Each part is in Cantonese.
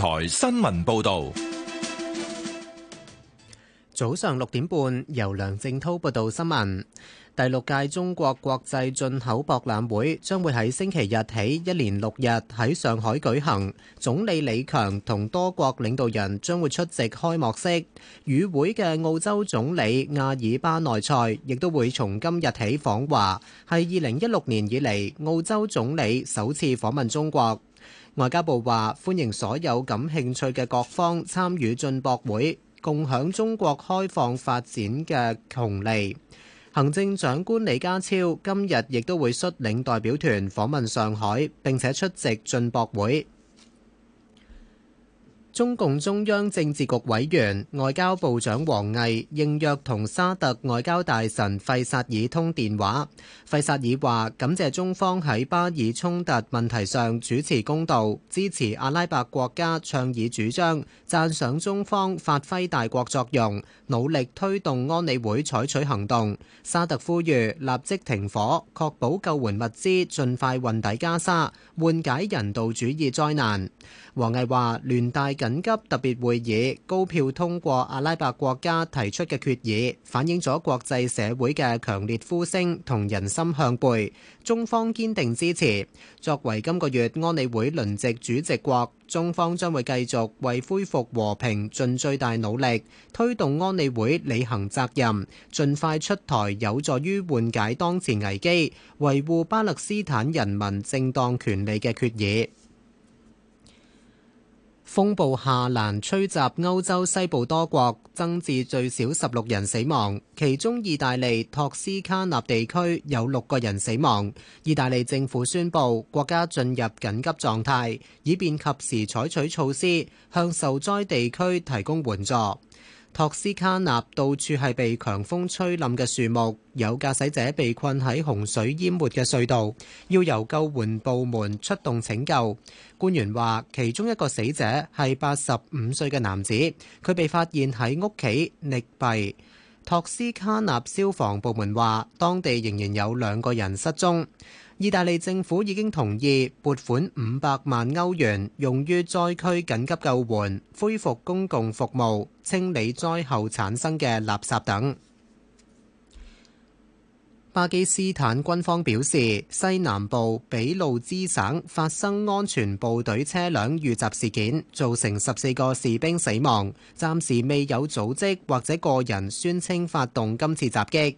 台新聞報導，早上六點半，由梁正滔報道新聞。第六屆中國國際進口博覽會將會喺星期日起一連六日喺上海舉行。總理李強同多國領導人將會出席開幕式。與會嘅澳洲總理阿爾巴內塞亦都會從今日起訪華，係二零一六年以嚟澳洲總理首次訪問中國。外交部話歡迎所有感興趣嘅各方參與進博會，共享中國開放發展嘅紅利。行政長官李家超今日亦都會率領代表團訪問上海，並且出席進博會。中共中央政治局委員、外交部長王毅應約同沙特外交大臣費薩爾通電話。費薩爾話感謝中方喺巴以衝突問題上主持公道，支持阿拉伯國家倡議主張，讚賞中方發揮大國作用，努力推動安理會採取行動。沙特呼籲立即停火，確保救援物資盡快運抵加沙，緩解人道主義災難。王毅話亂帶近。緊急特別會議高票通過阿拉伯國家提出嘅決議，反映咗國際社會嘅強烈呼聲同人心向背。中方堅定支持。作為今個月安理會輪值主席國，中方將會繼續為恢復和平盡最大努力，推動安理會履行責任，盡快出台有助於緩解當前危機、維護巴勒斯坦人民正當權利嘅決議。風暴夏蘭吹襲歐洲西部多國，增至最少十六人死亡，其中意大利托斯卡納地區有六個人死亡。意大利政府宣布國家進入緊急狀態，以便及時採取措施，向受災地區提供援助。托斯卡納到處係被強風吹冧嘅樹木，有駕駛者被困喺洪水淹沒嘅隧道，要由救援部門出動拯救。官員話，其中一個死者係八十五歲嘅男子，佢被發現喺屋企溺斃。托斯卡納消防部門話，當地仍然有兩個人失蹤。意大利政府已經同意撥款五百萬歐元，用於災區緊急救援，恢復公共服務，清理災後產生嘅垃圾等。巴基斯坦軍方表示，西南部俾路支省發生安全部隊車輛遇襲事件，造成十四個士兵死亡。暫時未有組織或者個人宣稱發動今次襲擊。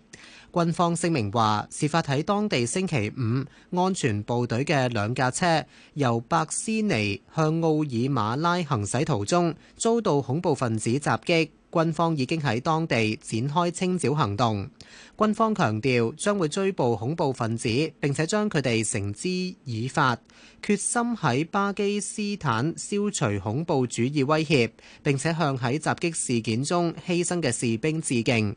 軍方聲明話，事發喺當地星期五，安全部隊嘅兩架車由白斯尼向奧爾馬拉行駛途中遭到恐怖分子襲擊。軍方已經喺當地展開清剿行動。軍方強調將會追捕恐怖分子，並且將佢哋繩之以法，決心喺巴基斯坦消除恐怖主義威脅。並且向喺襲擊事件中犧牲嘅士兵致敬。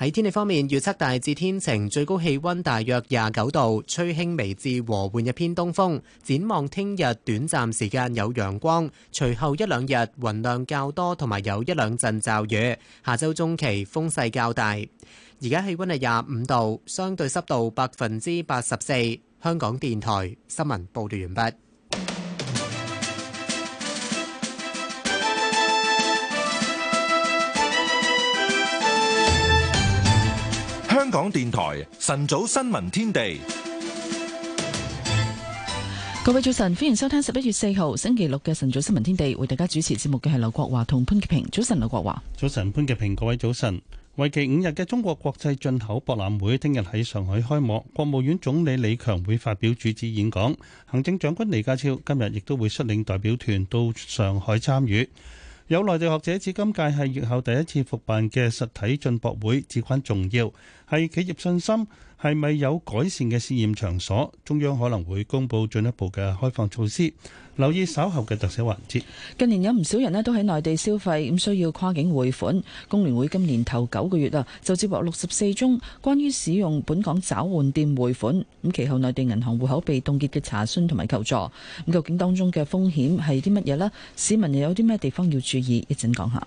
喺天氣方面，預測大致天晴，最高氣溫大約廿九度，吹輕微至和緩一偏東風。展望聽日短暫時間有陽光，隨後一兩日雲量較多，同埋有一兩陣驟雨。下周中期風勢較大。而家氣溫係廿五度，相對濕度百分之八十四。香港電台新聞報道完畢。港電台晨早新聞天地，各位早晨，歡迎收聽十一月四號星期六嘅晨早新聞天地，為大家主持節目嘅係劉國華同潘潔平。早晨，劉國華，早晨，潘潔平，各位早晨。為期五日嘅中國國際進口博覽會，聽日喺上海開幕，國務院總理李強會發表主旨演講，行政長官李家超今日亦都會率領代表團到上海參與。有內地學者指，今屆係疫情後第一次復辦嘅實體進博會，至關重要。係企業信心係咪有改善嘅試驗場所？中央可能會公布進一步嘅開放措施。留意稍後嘅特寫環節。近年有唔少人呢都喺內地消費，咁需要跨境匯款。工聯會今年頭九個月啊，就接獲六十四宗關於使用本港找換店匯款，咁其後內地銀行戶口被凍結嘅查詢同埋求助。咁究竟當中嘅風險係啲乜嘢呢？市民又有啲咩地方要注意？一陣講一下。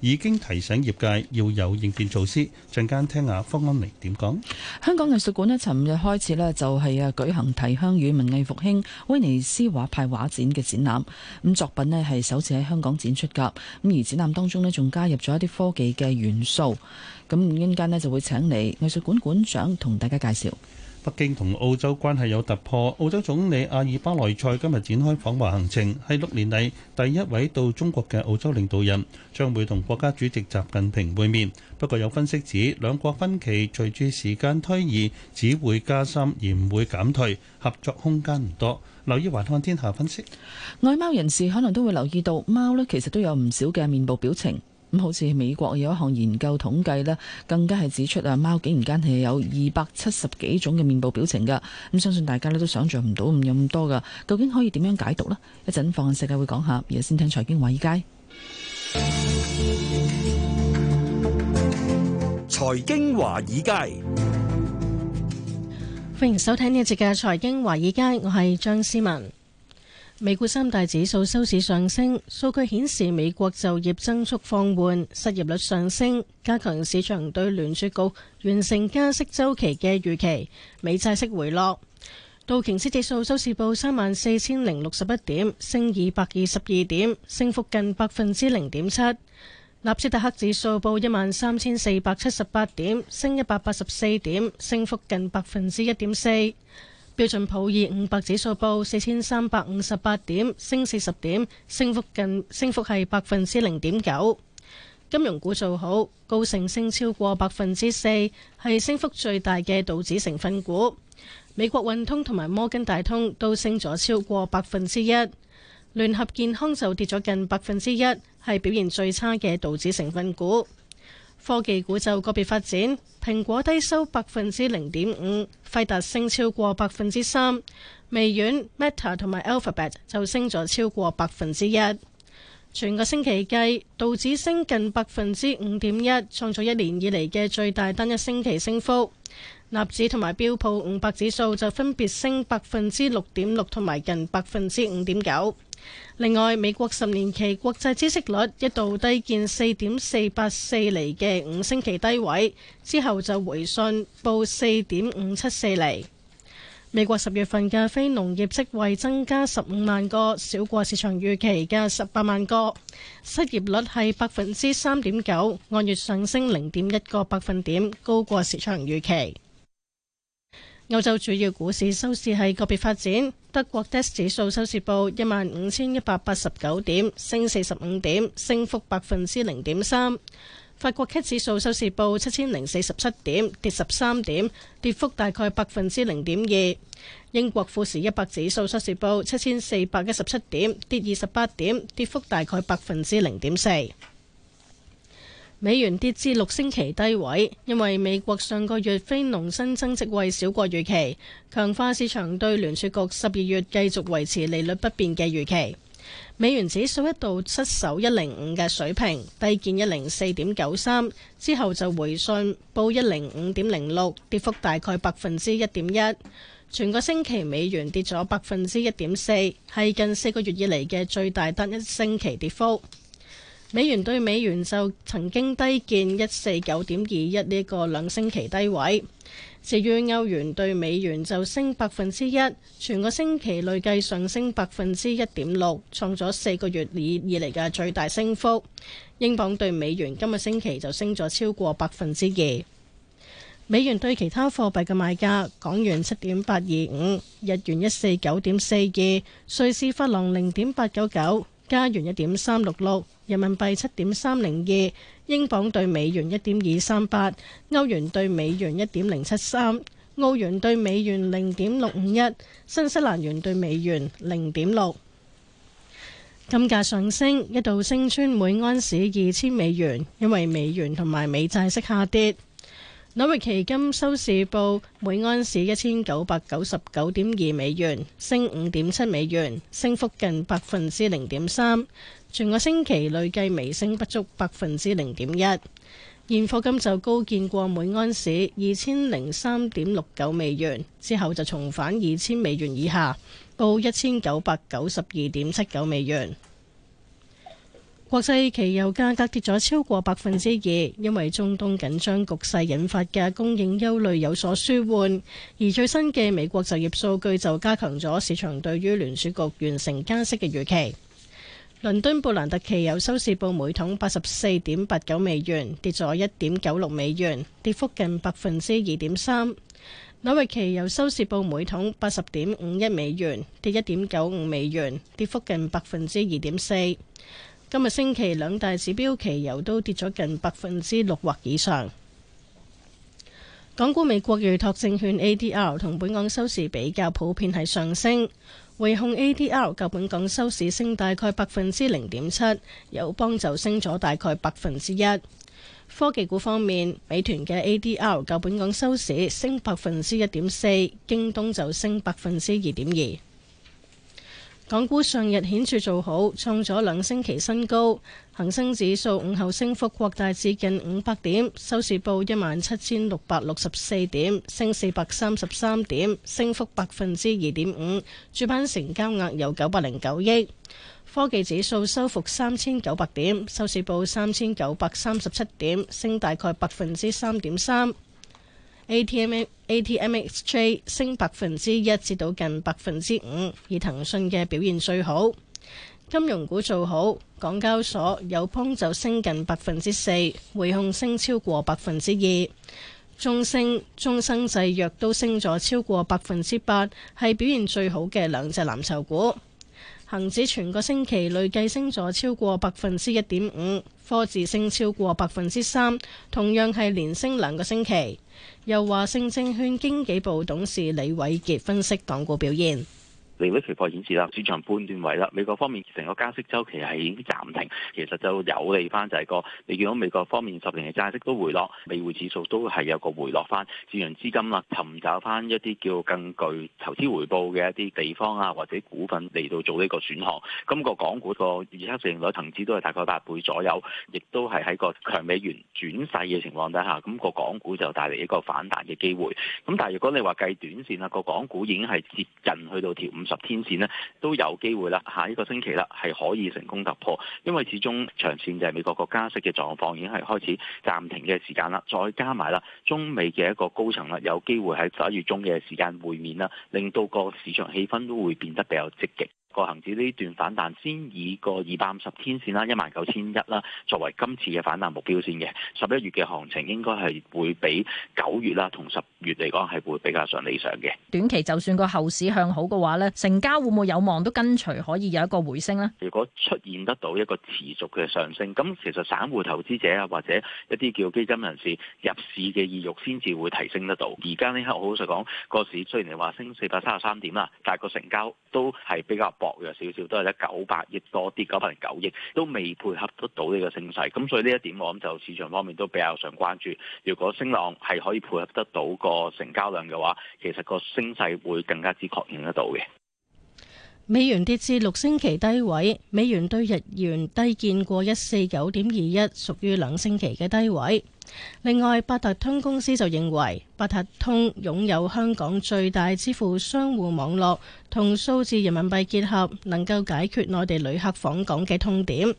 已經提醒業界要有應變措施。陣間聽下方安明點講。香港藝術館咧，尋日開始呢就係啊舉行提香與文藝復興威尼斯畫派畫展嘅展覽。咁作品呢係首次喺香港展出噶。咁而展覽當中呢，仲加入咗一啲科技嘅元素。咁一陣間呢，就會請嚟藝術館館長同大家介紹。北京同澳洲關係有突破，澳洲總理阿爾巴內塞今日展開訪華行程，係六年嚟第一位到中國嘅澳洲領導人，將會同國家主席習近平會面。不過有分析指，兩國分歧隨住時間推移，只會加深而唔會減退，合作空間唔多。留意《環看天下》分析。愛貓人士可能都會留意到貓呢，其實都有唔少嘅面部表情。咁好似美國有一項研究統計呢，更加係指出啊，貓竟然間係有二百七十幾種嘅面部表情噶咁相信大家咧都想象唔到咁咁多噶。究竟可以點樣解讀呢？一陣放喺世界會講下，而家先聽財經華爾街。財經華爾街，街歡迎收聽呢一節嘅財經華爾街，我係張思文。美股三大指數收市上升，數據顯示美國就業增速放緩，失業率上升，加強市場對聯儲局完成加息周期嘅預期。美債息回落，道瓊斯指數收市報三萬四千零六十一點，升二百二十二點，升幅近百分之零點七。納斯達克指數報一萬三千四百七十八點，升一百八十四點，升幅近百分之一點四。標準普爾五百指數報四千三百五十八點，升四十點，升幅近，升幅係百分之零點九。金融股做好，高盛升超過百分之四，係升幅最大嘅道指成分股。美國運通同埋摩根大通都升咗超過百分之一，聯合健康就跌咗近百分之一，係表現最差嘅道指成分股。科技股就個別發展，蘋果低收百分之零點五，輝達升超過百分之三，微軟、Meta 同埋 Alphabet 就升咗超過百分之一。全個星期計，道指升近百分之五點一，創造一年以嚟嘅最大單一星期升幅。納指同埋標普五百指數就分別升百分之六點六同埋近百分之五點九。另外，美國十年期國債息率一度低見四點四八四厘嘅五星期低位，之後就回信報四點五七四厘。美國十月份嘅非農業職位增加十五萬個，少過市場預期嘅十八萬個。失業率係百分之三點九，按月上升零點一個百分點，高過市場預期。歐洲主要股市收市係個別發展。德國 DAX 指數收市報一萬五千一百八十九點，升四十五點，升幅百分之零點三。法國 CAC 指數收市報七千零四十七點，跌十三點，跌幅大概百分之零點二。英國富時一百指數收市報七千四百一十七點，跌二十八點，跌幅大概百分之零點四。美元跌至六星期低位，因為美國上個月非農新增職位少過預期，強化市場對聯儲局十二月繼續維持利率不變嘅預期。美元指數一度失守一零五嘅水平，低見一零四點九三之後就回信報一零五點零六，跌幅大概百分之一點一。全個星期美元跌咗百分之一點四，係近四個月以嚟嘅最大單一星期跌幅。美元兌美元就曾經低見一四九點二一，呢個兩星期低位。至於歐元兌美元就升百分之一，全個星期累計上升百分之一點六，創咗四個月以以嚟嘅最大升幅。英鎊對美元今個星期就升咗超過百分之二。美元對其他貨幣嘅賣價：港元七點八二五，日元一四九點四二，瑞士法郎零點八九九。加元一點三六六，6，人民幣七點三零二，英鎊對美元一點二三八，歐元對美元一點零七三，澳元對美元零點六五一，新西蘭元對美元零點六。金價上升，一度升穿每安士二千美元，因為美元同埋美債息下跌。紐約期金收市報每安士一千九百九十九點二美元，升五點七美元，升幅近百分之零點三。全個星期累計微升不足百分之零點一。現貨金就高見過每安士二千零三點六九美元，之後就重返二千美元以下，報一千九百九十二點七九美元。國際期油價格跌咗超過百分之二，因為中東緊張局勢引發嘅供應憂慮有所舒緩。而最新嘅美國就業數據就加強咗市場對於聯儲局完成加息嘅預期。倫敦布蘭特期油收市報每桶八十四點八九美元，跌咗一點九六美元，跌幅近百分之二點三。紐約期油收市報每桶八十點五一美元，跌一點九五美元，跌幅近百分之二點四。今日星期，兩大指標期油都跌咗近百分之六或以上。港股美國預託證券 ADR 同本港收市比較普遍係上升，匯控 ADR 較本港收市升大概百分之零點七，友邦就升咗大概百分之一。科技股方面，美團嘅 ADR 較本港收市升百分之一點四，京東就升百分之二點二。港股上日顯著做好，創咗兩星期新高，恒生指數午後升幅擴大至近五百點，收市報一萬七千六百六十四點，升四百三十三點，升幅百分之二點五。主板成交額有九百零九億，科技指數收復三千九百點，收市報三千九百三十七點，升大概百分之三點三。A T M A T M X J 升百分之一至到近百分之五，以騰訊嘅表現最好。金融股做好，港交所友邦就升近百分之四，匯控升超過百分之二，中升中生製藥都升咗超過百分之八，係表現最好嘅兩隻藍籌股。恒指全個星期累計升咗超過百分之一點五，科指升超過百分之三，同樣係連升兩個星期。由華盛證券經紀部董事李偉傑分析港股表現。利率期貨顯示啦，市場判斷為啦。美國方面成個加息周期係已經暫停，其實就有利翻，就係個你見到美國方面十年嘅債息都回落，美匯指數都係有個回落翻，市場資金啦尋找翻一啲叫更具投資回報嘅一啲地方啊，或者股份嚟到做呢個選項。咁、嗯個港股個預測市盈率層次都係大概八倍左右，亦都係喺個強美元轉勢嘅情況底下，咁、嗯個港股就帶嚟一個反彈嘅機會。咁、嗯、但係如果你話計短線啦，個港股已經係接近去到跳五。十天線咧都有機會啦，下一個星期啦係可以成功突破，因為始終長線就係美國個加息嘅狀況已經係開始暫停嘅時間啦，再加埋啦，中美嘅一個高層啦有機會喺十一月中嘅時間會面啦，令到個市場氣氛都會變得比較積極。個恒指呢段反彈，先以個二百五十天線啦，一萬九千一啦，作為今次嘅反彈目標線嘅。十一月嘅行情應該係會比九月啦，同十月嚟講係會比較上理想嘅。短期就算個後市向好嘅話咧，成交會唔會有望都跟隨可以有一個回升呢？如果出現得到一個持續嘅上升，咁其實散戶投資者啊，或者一啲叫基金人士入市嘅意欲，先至會提升得到。而家呢刻我老實講，個市雖然係話升四百三十三點啦，但係個成交都係比較。薄弱少少，都係得九百億多啲，九百零九億都未配合得到呢個升勢，咁所以呢一點我諗就市場方面都比較想關注。如果升浪係可以配合得到個成交量嘅話，其實個升勢會更加之確認得到嘅。美元跌至六星期低位，美元兌日元低見過一四九點二一，屬於兩星期嘅低位。另外，八達通公司就認為八達通擁有香港最大支付商戶網絡同數字人民幣結合，能夠解決內地旅客訪港嘅痛點，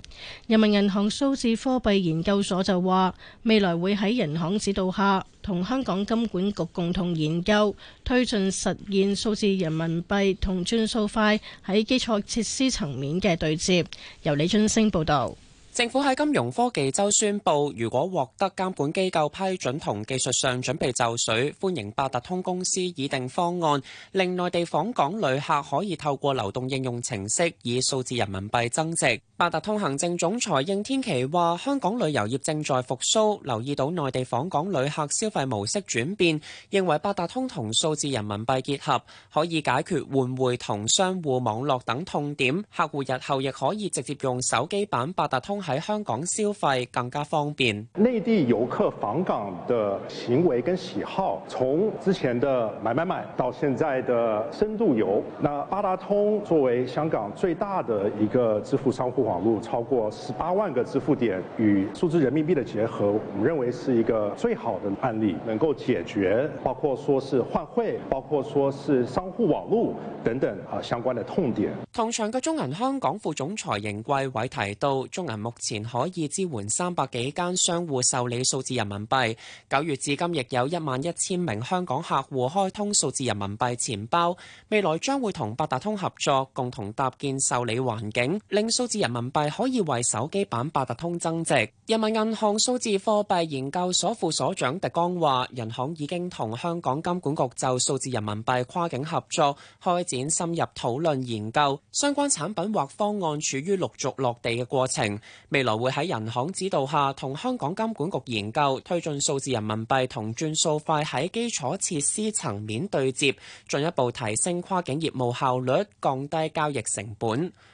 人民銀行數字貨幣研究所就話未來會喺銀行指導下，同香港金管局共同研究，推進實現數字人民幣同轉數快喺基礎設施層面嘅對接。由李津升報道。政府喺金融科技周宣布，如果獲得監管機構批准同技術上準備就緒，歡迎八達通公司擬定方案，令內地訪港旅客可以透過流動應用程式以數字人民幣增值。八達通行政總裁應天琪話：香港旅遊業正在復蘇，留意到內地訪港旅客消費模式轉變，認為八達通同數字人民幣結合可以解決換匯同商戶網絡等痛點。客戶日後亦可以直接用手機版八達通喺香港消費，更加方便。內地遊客訪港的行為跟喜好，從之前的買買買到現在的深度遊，那八達通作為香港最大的一個支付商戶。網絡超過十八萬個支付點與數字人民幣的結合，我們認為是一個最好的案例，能夠解決包括說是換匯、包括說是商戶網絡等等啊相關的痛點。同場嘅中銀香港副總裁邢桂偉提到，中銀目前可以支援三百幾間商戶受理數字人民幣，九月至今亦有一萬一千名香港客戶開通數字人民幣錢包，未來將會同八達通合作，共同搭建受理環境，令數字人民。人民幣可以為手機版八達通增值。人民銀行數字貨幣研究所副所長狄剛話，人行已經同香港金管局就數字人民幣跨境合作開展深入討論研究，相關產品或方案處於陸續落地嘅過程。未來會喺人行指導下同香港金管局研究推進數字人民幣同轉數快喺基礎設施層面對接，進一步提升跨境業務效率，降低交易成本。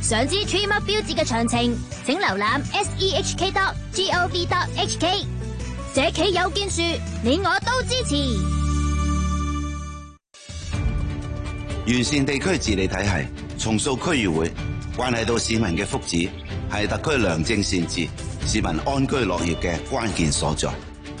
想知 Tree Mark 標誌嘅詳情，請瀏覽 s e h k dot g o v dot h k。社企有建樹，你我都支持。完善地區治理體系，重塑區議會，關係到市民嘅福祉，係特區良政善治、市民安居樂業嘅關鍵所在。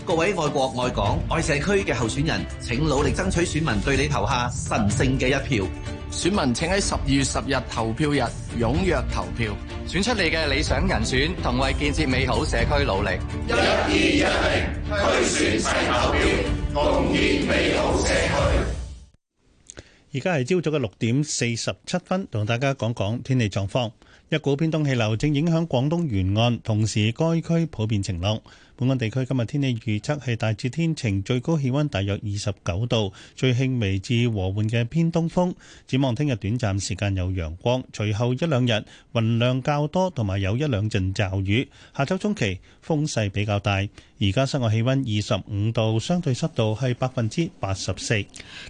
各位愛國愛港愛社區嘅候選人，請努力爭取選民對你投下神聖嘅一票。選民請喺十月十日投票日踴躍投票，選出你嘅理想人選，同為建設美好社區努力。一、二、一、名推選細目標，共建美好社區。而家係朝早嘅六點四十七分，同大家講講天氣狀況。一股偏東氣流正影響廣東沿岸，同時該區普遍晴朗。本港地區今日天氣預測係大致天晴，最高氣温大約二十九度，最輕微至和緩嘅偏東風。展望聽日短暫時間有陽光，隨後一兩日雲量較多，同埋有一兩陣驟雨。下週中期風勢比較大。而家室外氣温二十五度，相對濕度係百分之八十四。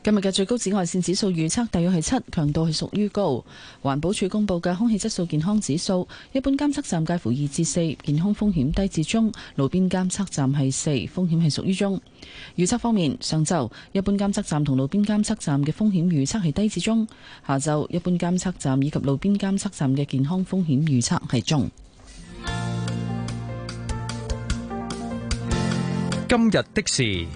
今日嘅最高紫外線指數預測大約係七，強度係屬於高。環保署公布嘅空氣質素健康指數，一般監測站介乎二至四，健康風險低至中。路邊街監測站係四，風險係屬於中。預測方面，上晝一般監測站同路邊監測站嘅風險預測係低至中；下晝一般監測站以及路邊監測站嘅健康風險預測係中。今日的事，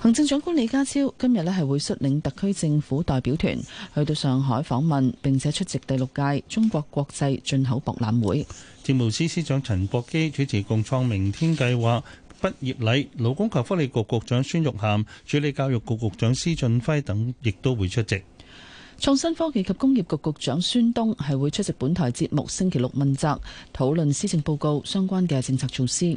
行政長官李家超今日呢係會率領特區政府代表團去到上海訪問，並且出席第六屆中國國際進口博覽會。政務司司長陳國基主持共創明天計劃畢業禮，勞工及福利局局，局長孫玉菡、署理教育局局長施俊輝等亦都會出席。創新科技及工業局局長孫東係會出席本台節目星期六問責，討論施政報告相關嘅政策措施。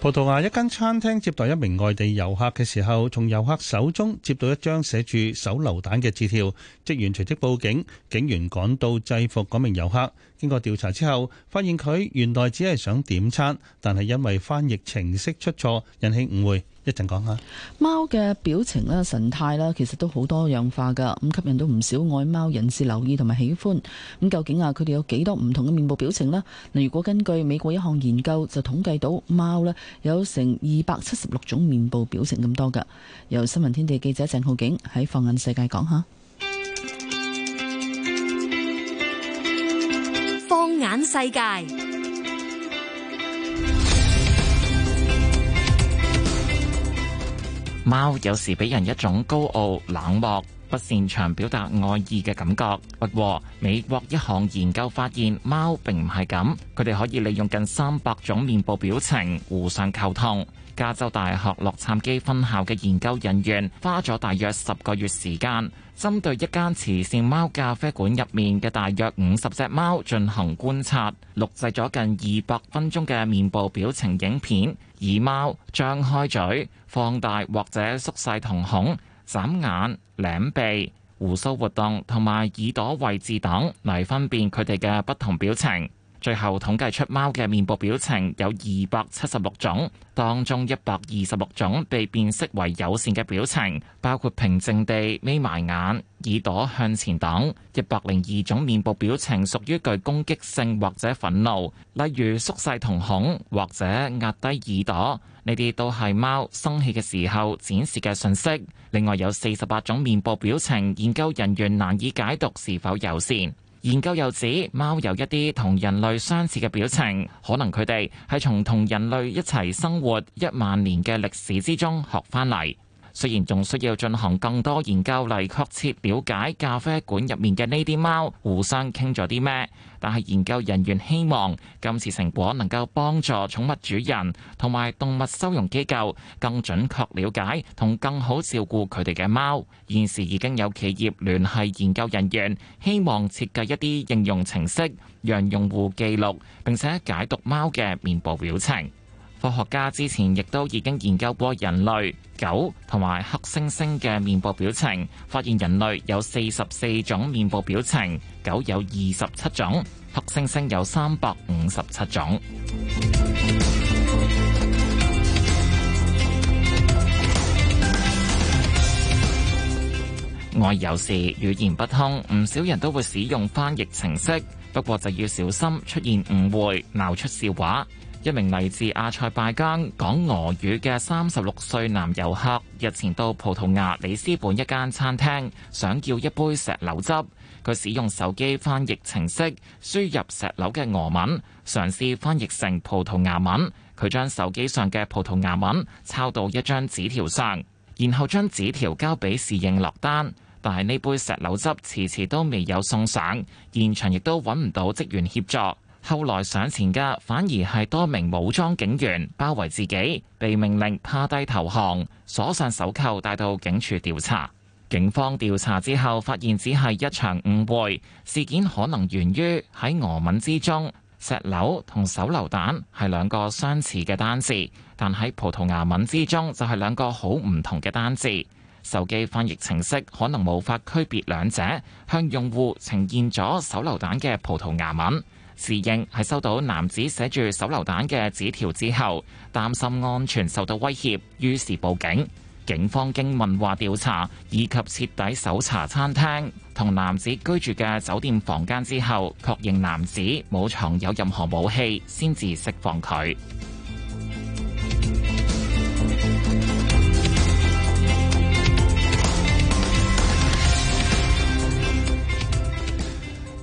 葡萄牙一間餐廳接待一名外地遊客嘅時候，從遊客手中接到一張寫住手榴彈嘅字條，職員隨即報警，警員趕到制服嗰名遊客。經過調查之後發現，佢原來只係想點餐，但係因為翻譯程式出錯引起誤會。一陣講下，貓嘅表情咧、神態啦，其實都好多樣化噶，咁吸引到唔少愛貓人士留意同埋喜歡。咁究竟啊，佢哋有幾多唔同嘅面部表情呢？如果根據美國一項研究，就統計到貓咧有成二百七十六種面部表情咁多噶。由新聞天地記者鄭浩景喺放眼世界講下。放眼世界。貓有時俾人一種高傲、冷漠、不擅長表達愛意嘅感覺。不過，美國一項研究發現，貓並唔係咁，佢哋可以利用近三百種面部表情互相溝通。加州大學洛杉磯分校嘅研究人員花咗大約十個月時間，針對一間慈善貓咖啡館入面嘅大約五十隻貓進行觀察，錄製咗近二百分鐘嘅面部表情影片，以貓張開嘴、放大或者縮細瞳孔、眨眼、兩臂、胡鬚活動同埋耳朵位置等嚟分辨佢哋嘅不同表情。最後統計出貓嘅面部表情有二百七十六種，當中一百二十六種被辨識為友善嘅表情，包括平靜地眯埋眼、耳朵向前等；一百零二種面部表情屬於具攻擊性或者憤怒，例如縮細瞳孔或者壓低耳朵。呢啲都係貓生氣嘅時候展示嘅信息。另外有四十八種面部表情，研究人員難以解讀是否友善。研究又指，貓有一啲同人類相似嘅表情，可能佢哋係從同人類一齊生活一萬年嘅歷史之中學返嚟。雖然仲需要進行更多研究嚟確切了解咖啡館入面嘅呢啲貓互相傾咗啲咩，但係研究人員希望今次成果能夠幫助寵物主人同埋動物收容機構更準確了解同更好照顧佢哋嘅貓。現時已經有企業聯繫研究人員，希望設計一啲應用程式，讓用戶記錄，並且解讀貓嘅面部表情。科學家之前亦都已經研究過人類、狗同埋黑猩猩嘅面部表情，發現人類有四十四種面部表情，狗有二十七種，黑猩猩有三百五十七種。外 遊時語言不通，唔少人都會使用翻譯程式，不過就要小心出現誤會，鬧出笑話。一名嚟自阿塞拜疆、講俄語嘅三十六歲男遊客，日前到葡萄牙里斯本一間餐廳，想叫一杯石榴汁。佢使用手機翻譯程式，輸入石榴嘅俄文，嘗試翻譯成葡萄牙文。佢將手機上嘅葡萄牙文抄到一張紙條上，然後將紙條交俾侍應落單，但係呢杯石榴汁遲遲都未有送上，現場亦都揾唔到職員協助。後來上前嘅反而係多名武裝警員包圍自己，被命令趴低投降，鎖上手扣，帶到警署調查。警方調查之後發現，只係一場誤會，事件可能源於喺俄文之中，石榴同手榴彈係兩個相似嘅單字，但喺葡萄牙文之中就係兩個好唔同嘅單字。手機翻譯程式可能無法區別兩者，向用戶呈現咗手榴彈嘅葡萄牙文。侍應係收到男子寫住手榴彈嘅紙條之後，擔心安全受到威脅，於是報警。警方經問話調查，以及徹底搜查餐廳，同男子居住嘅酒店房間之後，確認男子冇藏有任何武器，先至釋放佢。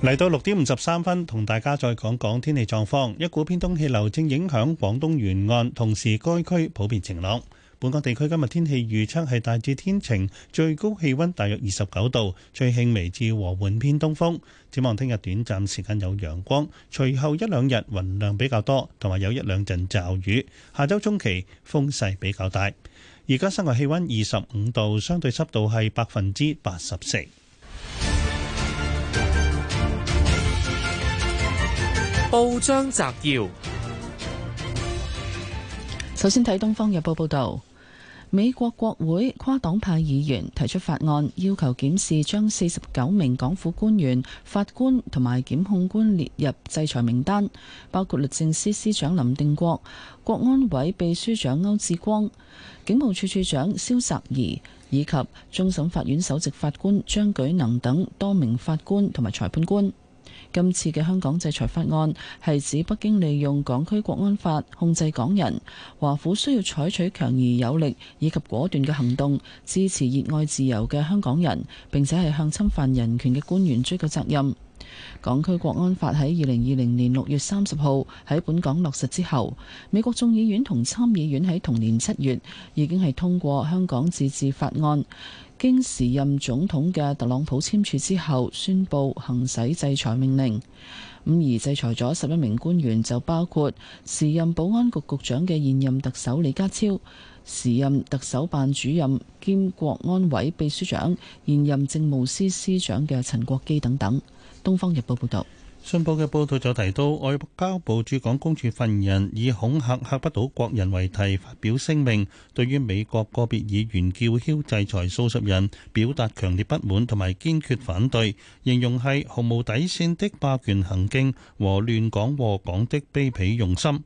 嚟到六點五十三分，同大家再講講天氣狀況。一股偏東氣流正影響廣東沿岸，同時該區普遍晴朗。本港地區今日天氣預測係大致天晴，最高氣溫大約二十九度，吹輕微至和緩偏東風。展望聽日短暫時間有陽光，隨後一兩日雲量比較多，同埋有一兩陣驟雨。下週中期風勢比較大。而家室外氣溫二十五度，相對濕度係百分之八十四。報章摘要：首先睇《東方日報》報道，美國國會跨黨派議員提出法案，要求檢視將四十九名港府官員、法官同埋檢控官列入制裁名單，包括律政司司長林定國、國安委秘書長歐志光、警務處處長蕭澤頤以及終審法院首席法官張舉能等多名法官同埋裁判官。今次嘅香港制裁法案係指北京利用港區國安法控制港人，華府需要採取強而有力以及果斷嘅行動，支持熱愛自由嘅香港人，並且係向侵犯人權嘅官員追究責任。港區國安法喺二零二零年六月三十號喺本港落實之後，美國眾議院同參議院喺同年七月已經係通過香港自治法案。經時任總統嘅特朗普簽署之後，宣布行使制裁命令，咁而制裁咗十一名官員，就包括時任保安局局長嘅現任特首李家超，時任特首辦主任兼國安委秘書長、現任政務司司長嘅陳國基等等。東方日報報道。《信報》嘅報道就提到，外交部駐港公署發言人以恐嚇嚇不到國人為題發表聲明，對於美國個別議員叫囂制裁數十人，表達強烈不滿同埋堅決反對，形容係毫無底線的霸權行徑和亂港和港的卑鄙用心。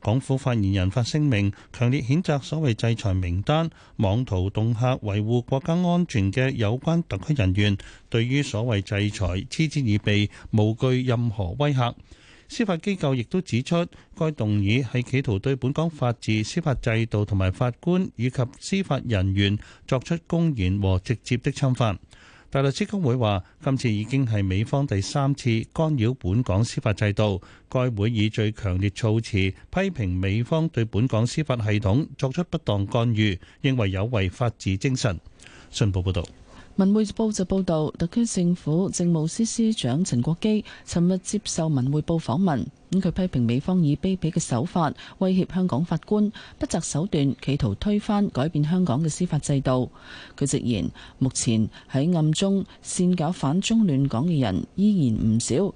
港府發言人發聲明，強烈譴責所謂制裁名單妄圖恫嚇維護國家安全嘅有關特區人員，對於所謂制裁嗤之以鼻，無懼任何威嚇。司法機構亦都指出，該動議係企圖對本港法治、司法制度同埋法官以及司法人員作出公然和直接的侵犯。大律師公會話，今次已經係美方第三次干擾本港司法制度，該會以最強烈措辭批評美方對本港司法系統作出不當干預，認為有違法治精神。信報報道。文匯報就報道，特區政府政務司司長陳國基尋日接受文匯報訪問，咁佢批評美方以卑鄙嘅手法威脅香港法官，不擇手段企圖推翻改變香港嘅司法制度。佢直言，目前喺暗中煽搞反中亂港嘅人依然唔少。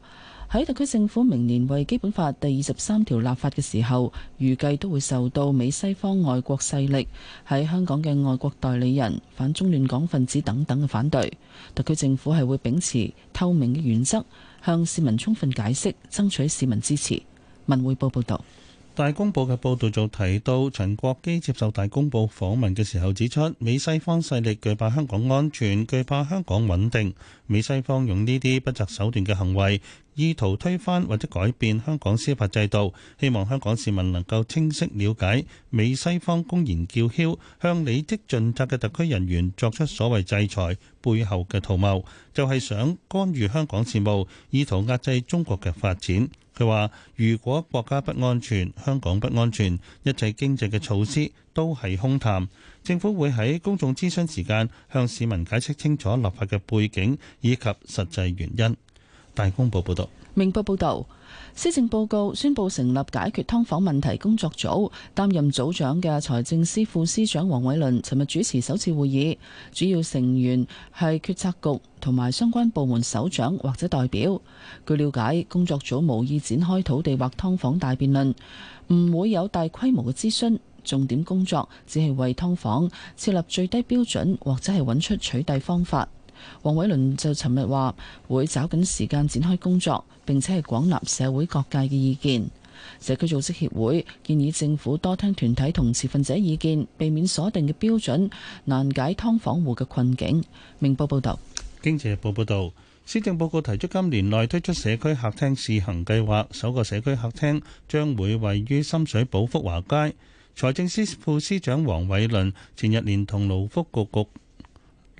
喺特區政府明年為《基本法》第二十三條立法嘅時候，預計都會受到美西方外國勢力、喺香港嘅外國代理人、反中亂港分子等等嘅反對。特區政府係會秉持透明嘅原則，向市民充分解釋，爭取市民支持。文匯報報道。大公報嘅報導就提到，陳國基接受大公報訪問嘅時候指出，美西方勢力懼怕香港安全，懼怕香港穩定，美西方用呢啲不擇手段嘅行為，意圖推翻或者改變香港司法制度，希望香港市民能夠清晰了解，美西方公然叫囂，向履職盡責嘅特區人員作出所謂制裁背後嘅圖謀，就係想干預香港事務，意圖壓制中國嘅發展。佢話：如果國家不安全，香港不安全，一切經濟嘅措施都係空談。政府會喺公眾諮詢時間向市民解釋清楚立法嘅背景以及實際原因。大公報報道，明報報導。施政報告宣布成立解決劏房問題工作組，擔任組長嘅財政司副司長黃偉綸，尋日主持首次會議，主要成員係決策局同埋相關部門首長或者代表。據了解，工作組無意展開土地或劏房大辯論，唔會有大規模嘅諮詢，重點工作只係為劏房設立最低標準或者係揾出取締方法。黃偉倫就尋日話會找緊時間展開工作，並且係廣納社會各界嘅意見。社區組織協會建議政府多聽團體同持份者意見，避免鎖定嘅標準難解㓥房戶嘅困境。明報報導，經濟日報報導，施政報告提出今年內推出社區客廳試行計劃，首個社區客廳將會位於深水埗福華街。財政司副司長黃偉倫前日連同勞福局局。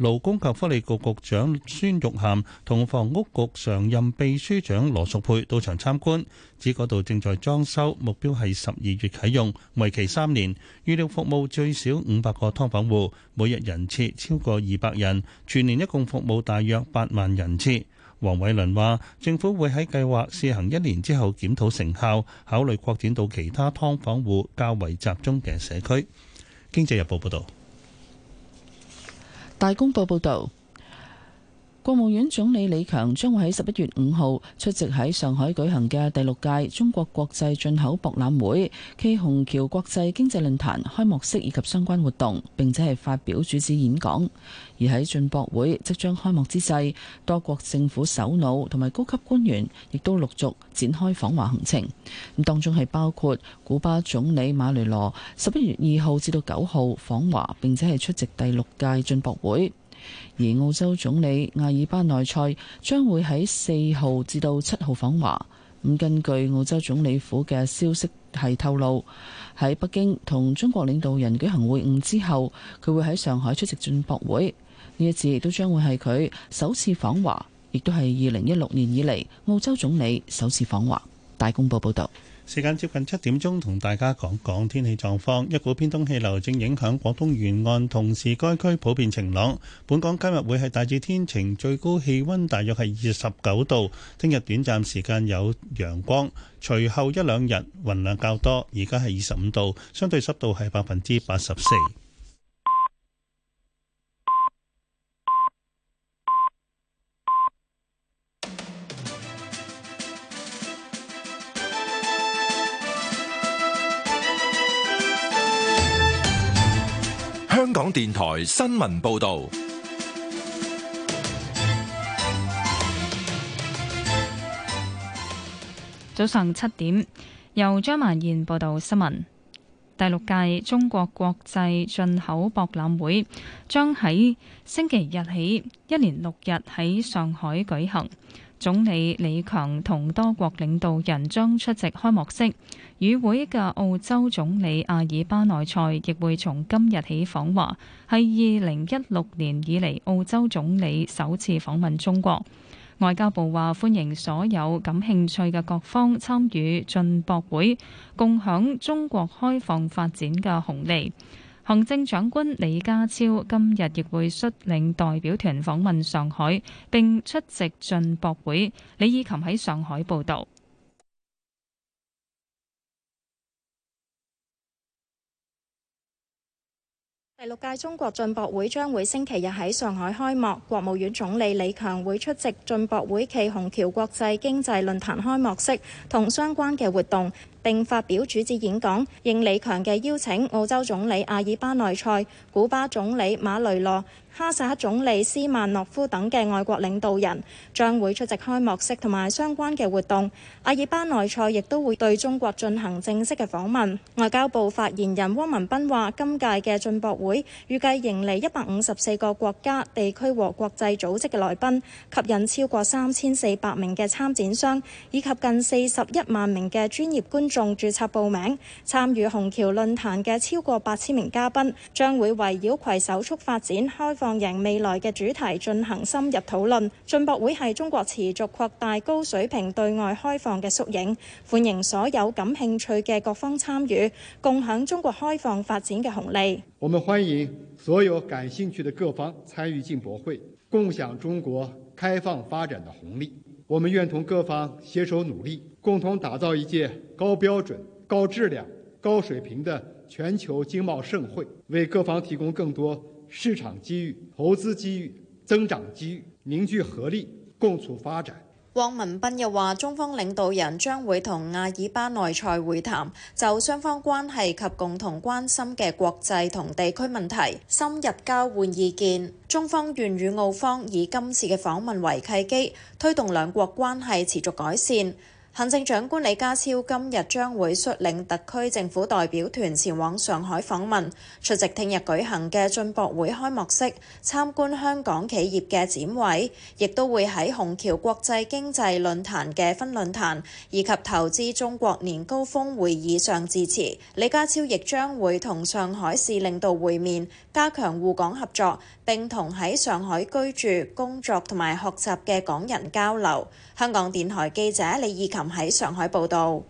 勞工及福利局局長孫玉菡同房屋局常任秘書長羅淑佩到場參觀。指嗰度正在裝修，目標係十二月啟用，為期三年，預料服務最少五百個劏房戶，每日人次超過二百人，全年一共服務大約八萬人次。黃偉綸話：政府會喺計劃試行一年之後檢討成效，考慮擴展到其他劏房戶較為集中嘅社區。經濟日報報道。大公報報導。國務院總理李強將會喺十一月五號出席喺上海舉行嘅第六屆中國國際進口博覽會暨虹橋國際經濟論壇開幕式以及相關活動，並且係發表主旨演講。而喺進博會即將開幕之際，多國政府首腦同埋高級官員亦都陸續展開訪華行程。咁當中係包括古巴總理馬雷羅十一月二號至到九號訪華，並且係出席第六屆進博會。而澳洲總理阿爾巴內塞將會喺四號至到七號訪華。咁根據澳洲總理府嘅消息係透露，喺北京同中國領導人舉行會晤之後，佢會喺上海出席進博會。呢一次亦都將會係佢首次訪華，亦都係二零一六年以嚟澳洲總理首次訪華。大公報報道。時間接近七點鐘，同大家講講天氣狀況。一股偏東氣流正影響廣東沿岸，同時該區普遍晴朗。本港今日會係大致天晴，最高氣温大約係二十九度。聽日短暫時間有陽光，隨後一兩日雲量較多。而家係二十五度，相對濕度係百分之八十四。香港電台新聞報道，早上七點，由張曼燕報道新聞。第六屆中國國際進口博覽會將喺星期日起一連六日喺上海舉行。總理李強同多國領導人將出席開幕式，與會嘅澳洲總理阿爾巴內塞亦會從今日起訪華，係二零一六年以嚟澳洲總理首次訪問中國。外交部話歡迎所有感興趣嘅各方參與進博會，共享中國開放發展嘅紅利。行政長官李家超今日亦會率領代表團訪問上海，並出席進博會。李以琴喺上海報導。第六屆中國進博會將會星期日喺上海開幕，國務院總理李強會出席進博會暨虹橋國際經濟論壇開幕式同相關嘅活動。並發表主旨演講。應李強嘅邀請，澳洲總理阿爾巴內塞、古巴總理馬雷羅、哈薩克總理斯曼諾夫等嘅外國領導人將會出席開幕式同埋相關嘅活動。阿爾巴內塞亦都會對中國進行正式嘅訪問。外交部發言人汪文斌話：今屆嘅進博會預計迎嚟一百五十四個國家、地區和國際組織嘅來賓，吸引超過三千四百名嘅參展商，以及近四十一萬名嘅專業觀眾。仲註冊報名參與虹橋論壇嘅超過八千名嘉賓，將會圍繞攜手促發展、開放型未來嘅主題進行深入討論。進博會係中國持續擴大高水平對外開放嘅縮影，歡迎所有感興趣嘅各方參與，共享中國開放發展嘅紅利。我們歡迎所有感興趣的各方參與進博會，共享中國開放發展的紅利。我們願同各方攜手努力。共同打造一屆高標準、高質量、高水平的全球經貿盛會，為各方提供更多市場機遇、投資機遇、增長機遇，凝聚合力，共促發展。汪文斌又話，中方領導人將會同阿爾巴內塞會談，就雙方關係及共同關心嘅國際同地區問題深入交換意見。中方願與澳方以今次嘅訪問為契機，推動兩國關係持續改善。行政長官李家超今日將會率領特區政府代表團前往上海訪問，出席聽日舉行嘅進博會開幕式，參觀香港企業嘅展位，亦都會喺虹橋國際經濟論壇嘅分論壇以及投資中國年高峰會議上致辭。李家超亦將會同上海市領導會面。加強滬港合作，並同喺上海居住、工作同埋學習嘅港人交流。香港電台記者李意琴喺上海報道。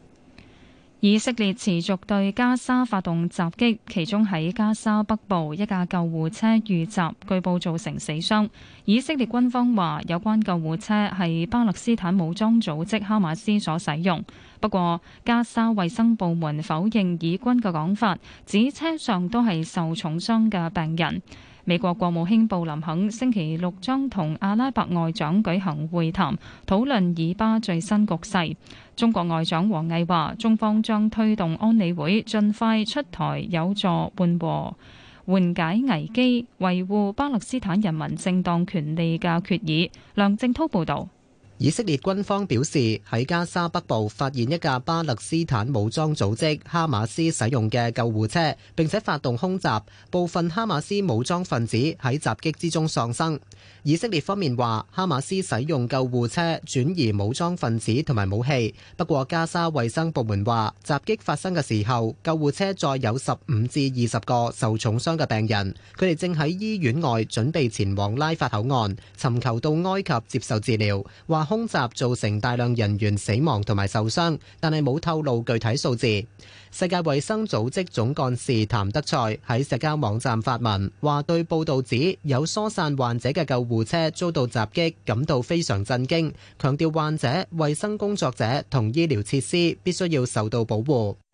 以色列持續對加沙發動襲擊，其中喺加沙北部一架救護車遇襲，據報造成死傷。以色列軍方話，有關救護車係巴勒斯坦武裝組織哈馬斯所使用。不過，加沙衛生部門否認以軍嘅講法，指車上都係受重傷嘅病人。美國國務卿布林肯星期六將同阿拉伯外長舉行會談，討論以巴最新局勢。中國外長王毅話，中方將推動安理會盡快出台有助緩和緩解危機、維護巴勒斯坦人民正當權利嘅決議。梁正濤報導。以色列軍方表示喺加沙北部發現一架巴勒斯坦武裝組織哈馬斯使用嘅救護車，並且發動空襲，部分哈馬斯武裝分子喺襲擊之中喪生。以色列方面話，哈馬斯使用救護車轉移武裝分子同埋武器。不過，加沙衛生部門話，襲擊發生嘅時候，救護車載有十五至二十個受重傷嘅病人，佢哋正喺醫院外準備前往拉法口岸，尋求到埃及接受治療。話。空襲造成大量人員死亡同埋受傷，但係冇透露具體數字。世界衛生組織總幹事譚德塞喺社交網站發文，話對報道指有疏散患者嘅救護車遭到襲擊感到非常震驚，強調患者、衛生工作者同醫療設施必須要受到保護。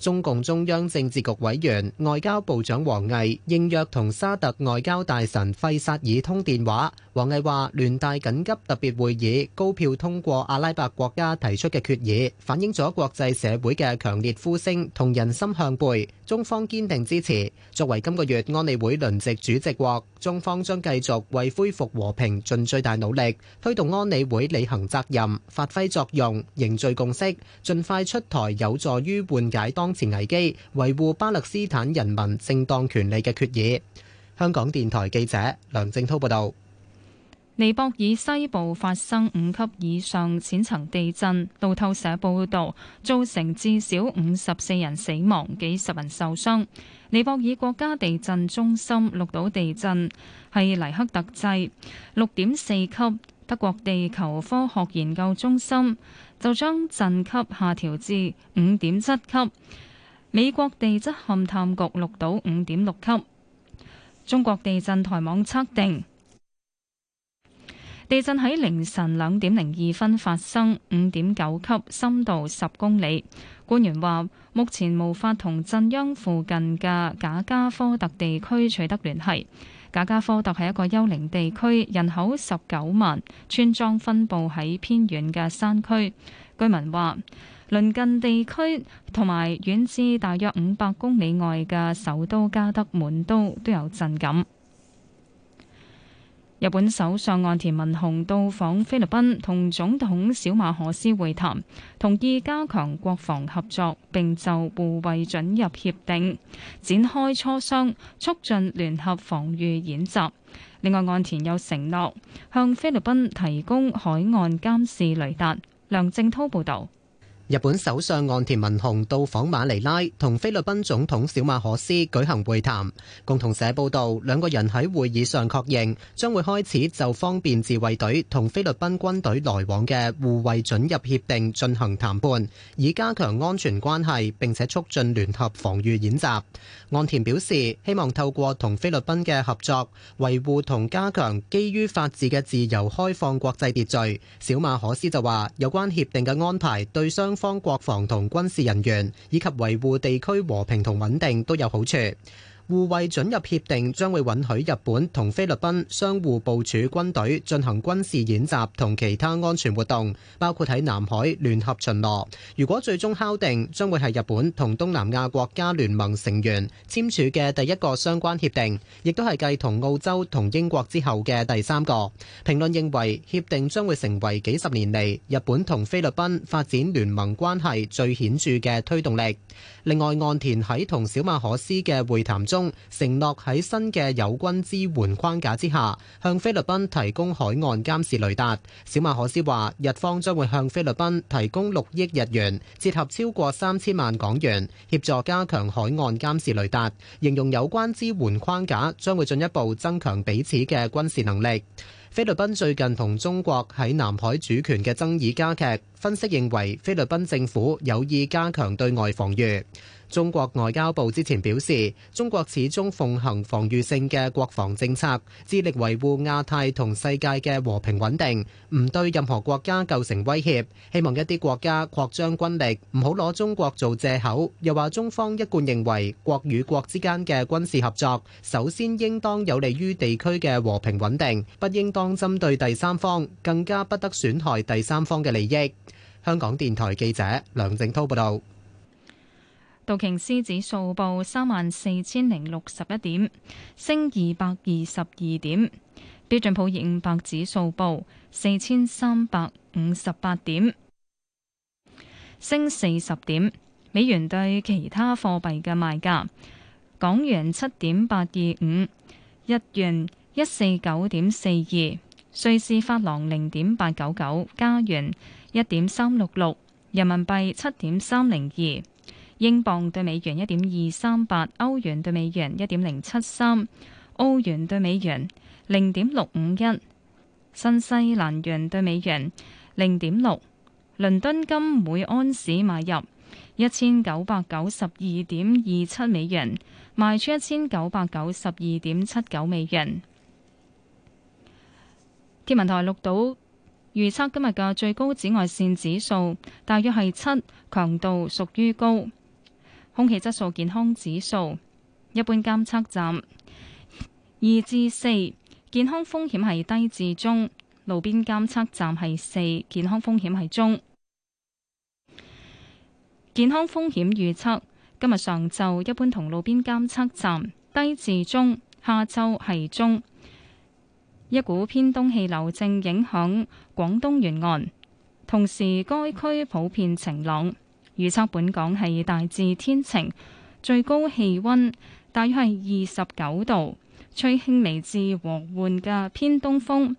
中共中央政治局委員、外交部長王毅應約同沙特外交大臣費薩爾通電話，王毅話聯大緊急特別會議高票通過阿拉伯國家提出嘅決議，反映咗國際社會嘅強烈呼聲同人心向背。中方堅定支持，作為今個月安理會輪值主席國，中方將繼續為恢復和平盡最大努力，推動安理會履行責任、發揮作用、凝聚共識，盡快出台有助於緩解當前危機、維護巴勒斯坦人民正當權利嘅決議。香港電台記者梁正滔報道。尼泊爾西部發生五級以上淺層地震，路透社報道，造成至少五十四人死亡、幾十人受傷。尼泊爾國家地震中心錄到地震係黎克特制六點四級，德國地球科學研究中心就將震級下調至五點七級，美國地質勘探局錄到五點六級，中國地震台網測定。地震喺凌晨兩點零二分發生，五點九級，深度十公里。官員話目前無法同震央附近嘅賈加科特地區取得聯繫。賈加科特係一個幽靈地區，人口十九萬，村莊分布喺偏遠嘅山區。居民話鄰近地區同埋遠至大約五百公里外嘅首都加德滿都都有震感。日本首相岸田文雄到訪菲律賓，同總統小馬可斯會談，同意加強國防合作，並就互惠准入協定展開磋商，促進聯合防禦演習，另外，岸田有承諾向菲律賓提供海岸監視雷達。梁正濤報道。日本首相岸田文雄到訪馬尼拉,同菲律賓總統小馬可斯,舉行會談。共同社報道,兩個人喺會議上確認,將會開始就方便自衛隊同菲律賓軍隊來往的互惠准入協定進行談判,以加強安全關係,並且促進聯合防御演習。岸田表示,希望透過同菲律賓的合作,維護同加強基於法治的自由開放國際秩序。小馬可斯就話,有關協定的安排對雙方、國防同軍事人員，以及維護地區和平同穩定都有好處。互惠准入協定將會允許日本同菲律賓相互部署軍隊，進行軍事演習同其他安全活動，包括喺南海聯合巡邏，如果最終敲定，將會係日本同東南亞國家聯盟成員簽署嘅第一個相關協定，亦都係繼同澳洲同英國之後嘅第三個。評論認為協定將會成為幾十年嚟日本同菲律賓發展聯盟關係最顯著嘅推動力。另外，岸田喺同小馬可斯嘅會談中，承諾喺新嘅友軍支援框架之下，向菲律賓提供海岸監視雷達，小馬可斯話日方將會向菲律賓提供六億日元，折合超過三千萬港元，協助加強海岸監視雷達，形容有關支援框架將會進一步增強彼此嘅軍事能力。菲律賓最近同中國喺南海主權嘅爭議加劇，分析認為菲律賓政府有意加強對外防禦。中國外交部之前表示，中國始終奉行防禦性嘅國防政策，致力維護亞太同世界嘅和平穩定，唔對任何國家構成威脅。希望一啲國家擴張軍力，唔好攞中國做借口。又話中方一貫認為，國與國之間嘅軍事合作，首先應當有利於地區嘅和平穩定，不應當針對第三方，更加不得損害第三方嘅利益。香港電台記者梁靜濤報道。道瓊斯指數報三萬四千零六十一點，升二百二十二點。標準普爾五百指數報四千三百五十八點，升四十點。美元對其他貨幣嘅賣價：港元七點八二五，日元一四九點四二，瑞士法郎零點八九九，加元一點三六六，人民幣七點三零二。英鎊對美元一點二三八，歐元對美元一點零七三，歐元對美元零點六五一，新西蘭元對美元零點六，倫敦金每安士買入一千九百九十二點二七美元，賣出一千九百九十二點七九美元。天文台錄到預測今日嘅最高紫外線指數大約係七，強度屬於高。空氣質素健康指數，一般監測站二至四，健康風險係低至中；路邊監測站係四，健康風險係中。健康風險預測：今日上晝一般同路邊監測站低至中，下晝係中。一股偏東氣流正影響廣東沿岸，同時該區普遍晴朗。預測本港係大致天晴，最高氣溫大約係二十九度，吹輕微至和緩嘅偏東風。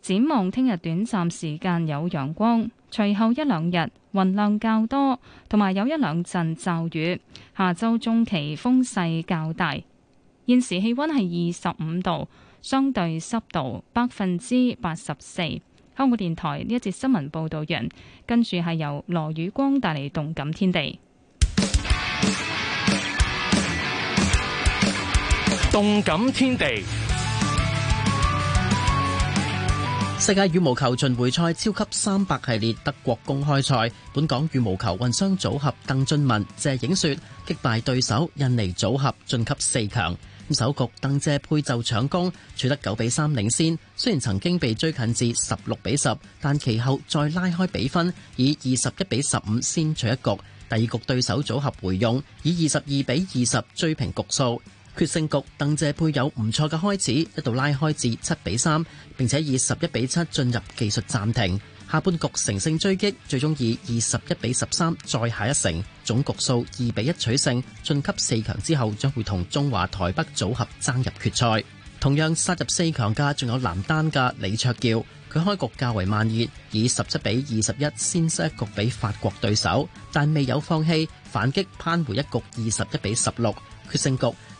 展望聽日短暫時間有陽光，隨後一兩日雲量較多，同埋有一兩陣驟雨。下週中期風勢較大。現時氣溫係二十五度，相對濕度百分之八十四。香港電台呢一節新聞報道完，跟住係由羅宇光帶嚟動感天地。動感天地，世界羽毛球巡回賽超級三百系列德國公開賽，本港羽毛球混雙組合鄧俊文謝影雪擊敗對手印尼組合，晉級四強。首局鄧謝佩就搶攻取得九比三領先，雖然曾經被追近至十六比十，但其後再拉開比分，以二十一比十五先取一局。第二局對手組合回勇，以二十二比二十追平局數。決勝局鄧謝佩有唔錯嘅開始，一度拉開至七比三，並且以十一比七進入技術暫停。下半局乘勝追擊，最終以二十一比十三再下一城，總局數二比一取勝，晉級四強之後將會同中華台北組合爭入決賽。同樣殺入四強嘅仲有男單嘅李卓耀，佢開局較為慢熱，以十七比二十一先失一局俾法國對手，但未有放棄反擊，扳回一局二十一比十六，決勝局。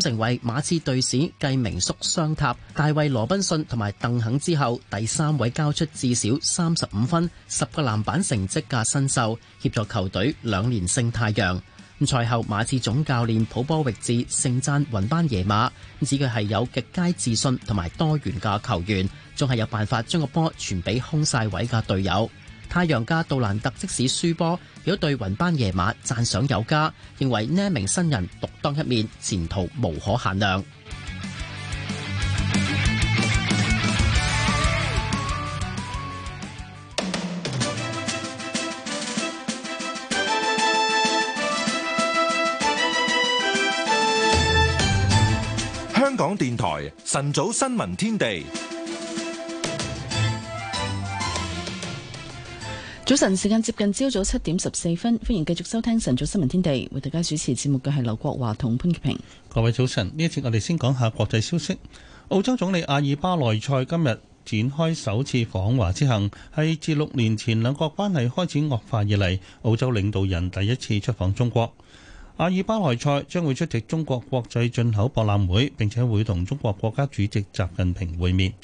成為馬刺隊史繼名宿雙塔、大衛·羅賓遜同埋鄧肯之後第三位交出至少三十五分、十個籃板成績嘅新秀，協助球隊兩連勝太陽。咁賽後，馬刺總教練普波域治盛讚雲班野馬，指佢係有極佳自信同埋多元嘅球員，仲係有辦法將個波傳俾空晒位嘅隊友。太陽家杜蘭特，即使輸波，如果對雲班耶馬讚賞有加，認為呢名新人獨當一面，前途無可限量。香港電台晨早新聞天地。早晨，時間接近朝早七點十四分，歡迎繼續收聽晨早新聞天地。為大家主持節目嘅係劉國華同潘潔平。各位早晨，呢一次我哋先講下國際消息。澳洲總理阿爾巴內塞今日展開首次訪華之行，係自六年前兩國關係開始惡化以嚟，澳洲領導人第一次出訪中國。阿爾巴內塞將會出席中國國際進口博覽會，並且會同中國國家主席習近平會面。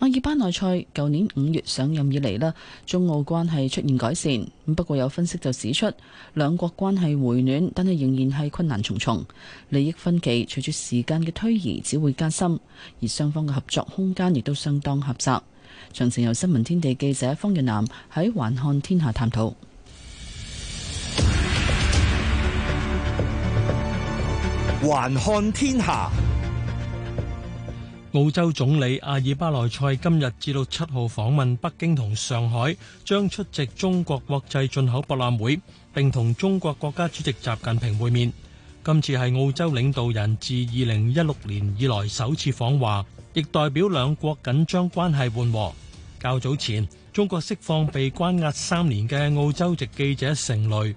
阿爾巴內塞舊年五月上任以嚟啦，中澳關係出現改善。不過有分析就指出，兩國關係回暖，但係仍然係困難重重，利益分歧隨住時間嘅推移，只會加深，而雙方嘅合作空間亦都相當狹窄。詳情由新聞天地記者方日南喺《環看天下》探討。環看天下。澳洲總理阿爾巴內塞今日至到七號訪問北京同上海，將出席中國國際進口博覽會，並同中國國家主席習近平會面。今次係澳洲領導人自二零一六年以來首次訪華，亦代表兩國緊張關係緩和。較早前，中國釋放被關押三年嘅澳洲籍記者成蕾。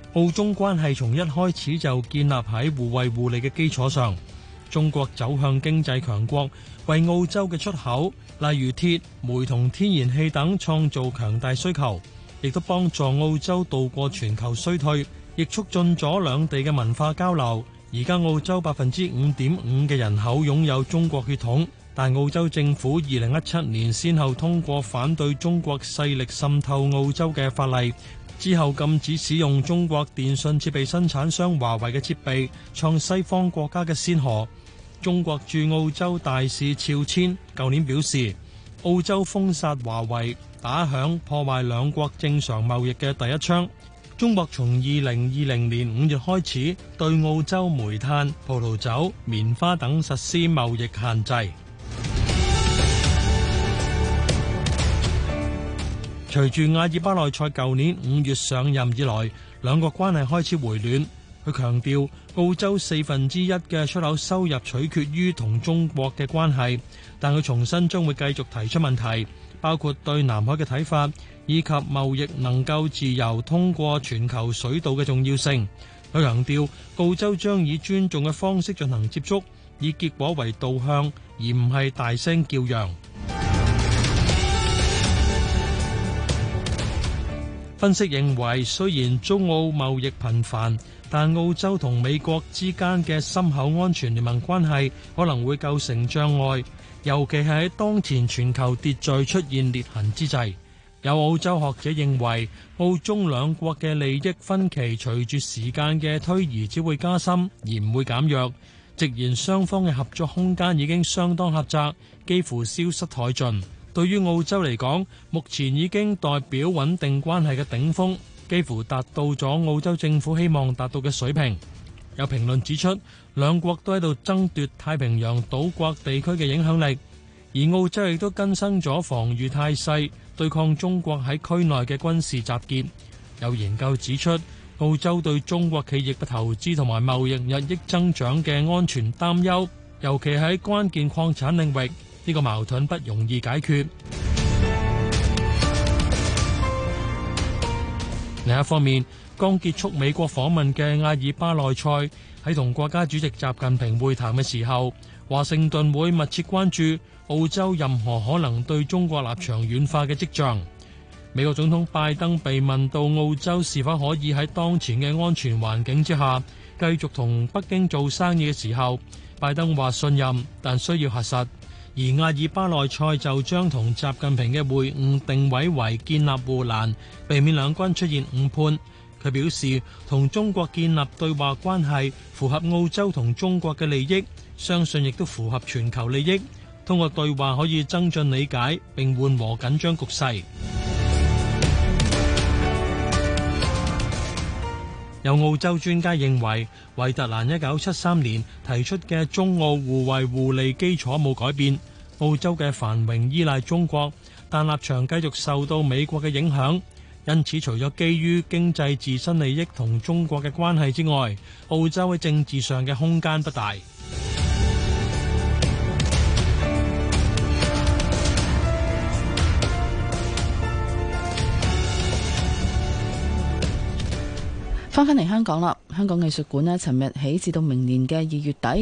澳中關係從一開始就建立喺互惠互利嘅基礎上。中國走向經濟強國，為澳洲嘅出口，例如鐵、煤同天然氣等，創造強大需求，亦都幫助澳洲渡過全球衰退，亦促進咗兩地嘅文化交流。而家澳洲百分之五點五嘅人口擁有中國血統，但澳洲政府二零一七年先後通過反對中國勢力滲透澳洲嘅法例。之後禁止使用中國電信設備生產商華為嘅設備，創西方國家嘅先河。中國駐澳洲大使肖千舊年表示，澳洲封殺華為，打響破壞兩國正常貿易嘅第一槍。中國從二零二零年五月開始對澳洲煤炭、葡萄酒、棉花等實施貿易限制。隨住阿爾巴內塞舊年五月上任以來，兩國關係開始回暖。佢強調，澳洲四分之一嘅出口收入取決於同中國嘅關係，但佢重申將會繼續提出問題，包括對南海嘅睇法，以及貿易能夠自由通過全球水道嘅重要性。佢強調，澳洲將以尊重嘅方式進行接觸，以結果為導向，而唔係大聲叫嚷。分析認為，雖然中澳貿易頻繁，但澳洲同美國之間嘅深厚安全聯盟關係可能會構成障礙，尤其係喺當前全球秩序出現裂痕之際。有澳洲學者認為，澳中兩國嘅利益分歧隨住時間嘅推移只會加深，而唔會減弱。直言雙方嘅合作空間已經相當狹窄，幾乎消失殆盡。對於澳洲嚟講，目前已經代表穩定關係嘅頂峰，幾乎達到咗澳洲政府希望達到嘅水平。有評論指出，兩國都喺度爭奪太平洋島國地區嘅影響力，而澳洲亦都更新咗防禦態勢，對抗中國喺區內嘅軍事集結。有研究指出，澳洲對中國企業嘅投資同埋貿易日益增長嘅安全擔憂，尤其喺關鍵礦產領域。呢個矛盾不容易解決。另一方面，剛結束美國訪問嘅阿爾巴內塞喺同國家主席習近平會談嘅時候，華盛頓會密切關注澳洲任何可能對中國立場軟化嘅跡象。美國總統拜登被問到澳洲是否可以喺當前嘅安全環境之下繼續同北京做生意嘅時候，拜登話信任，但需要核實。而阿爾巴內塞就將同習近平嘅會晤定位為建立護欄，避免兩軍出現誤判。佢表示，同中國建立對話關係符合澳洲同中國嘅利益，相信亦都符合全球利益。通過對話可以增進理解並緩和緊張局勢。有澳洲專家認為，維特蘭一九七三年提出嘅中澳互惠互利基礎冇改變，澳洲嘅繁榮依賴中國，但立場繼續受到美國嘅影響。因此，除咗基於經濟自身利益同中國嘅關係之外，澳洲喺政治上嘅空間不大。返返嚟香港啦！香港藝術館呢，尋日起至到明年嘅二月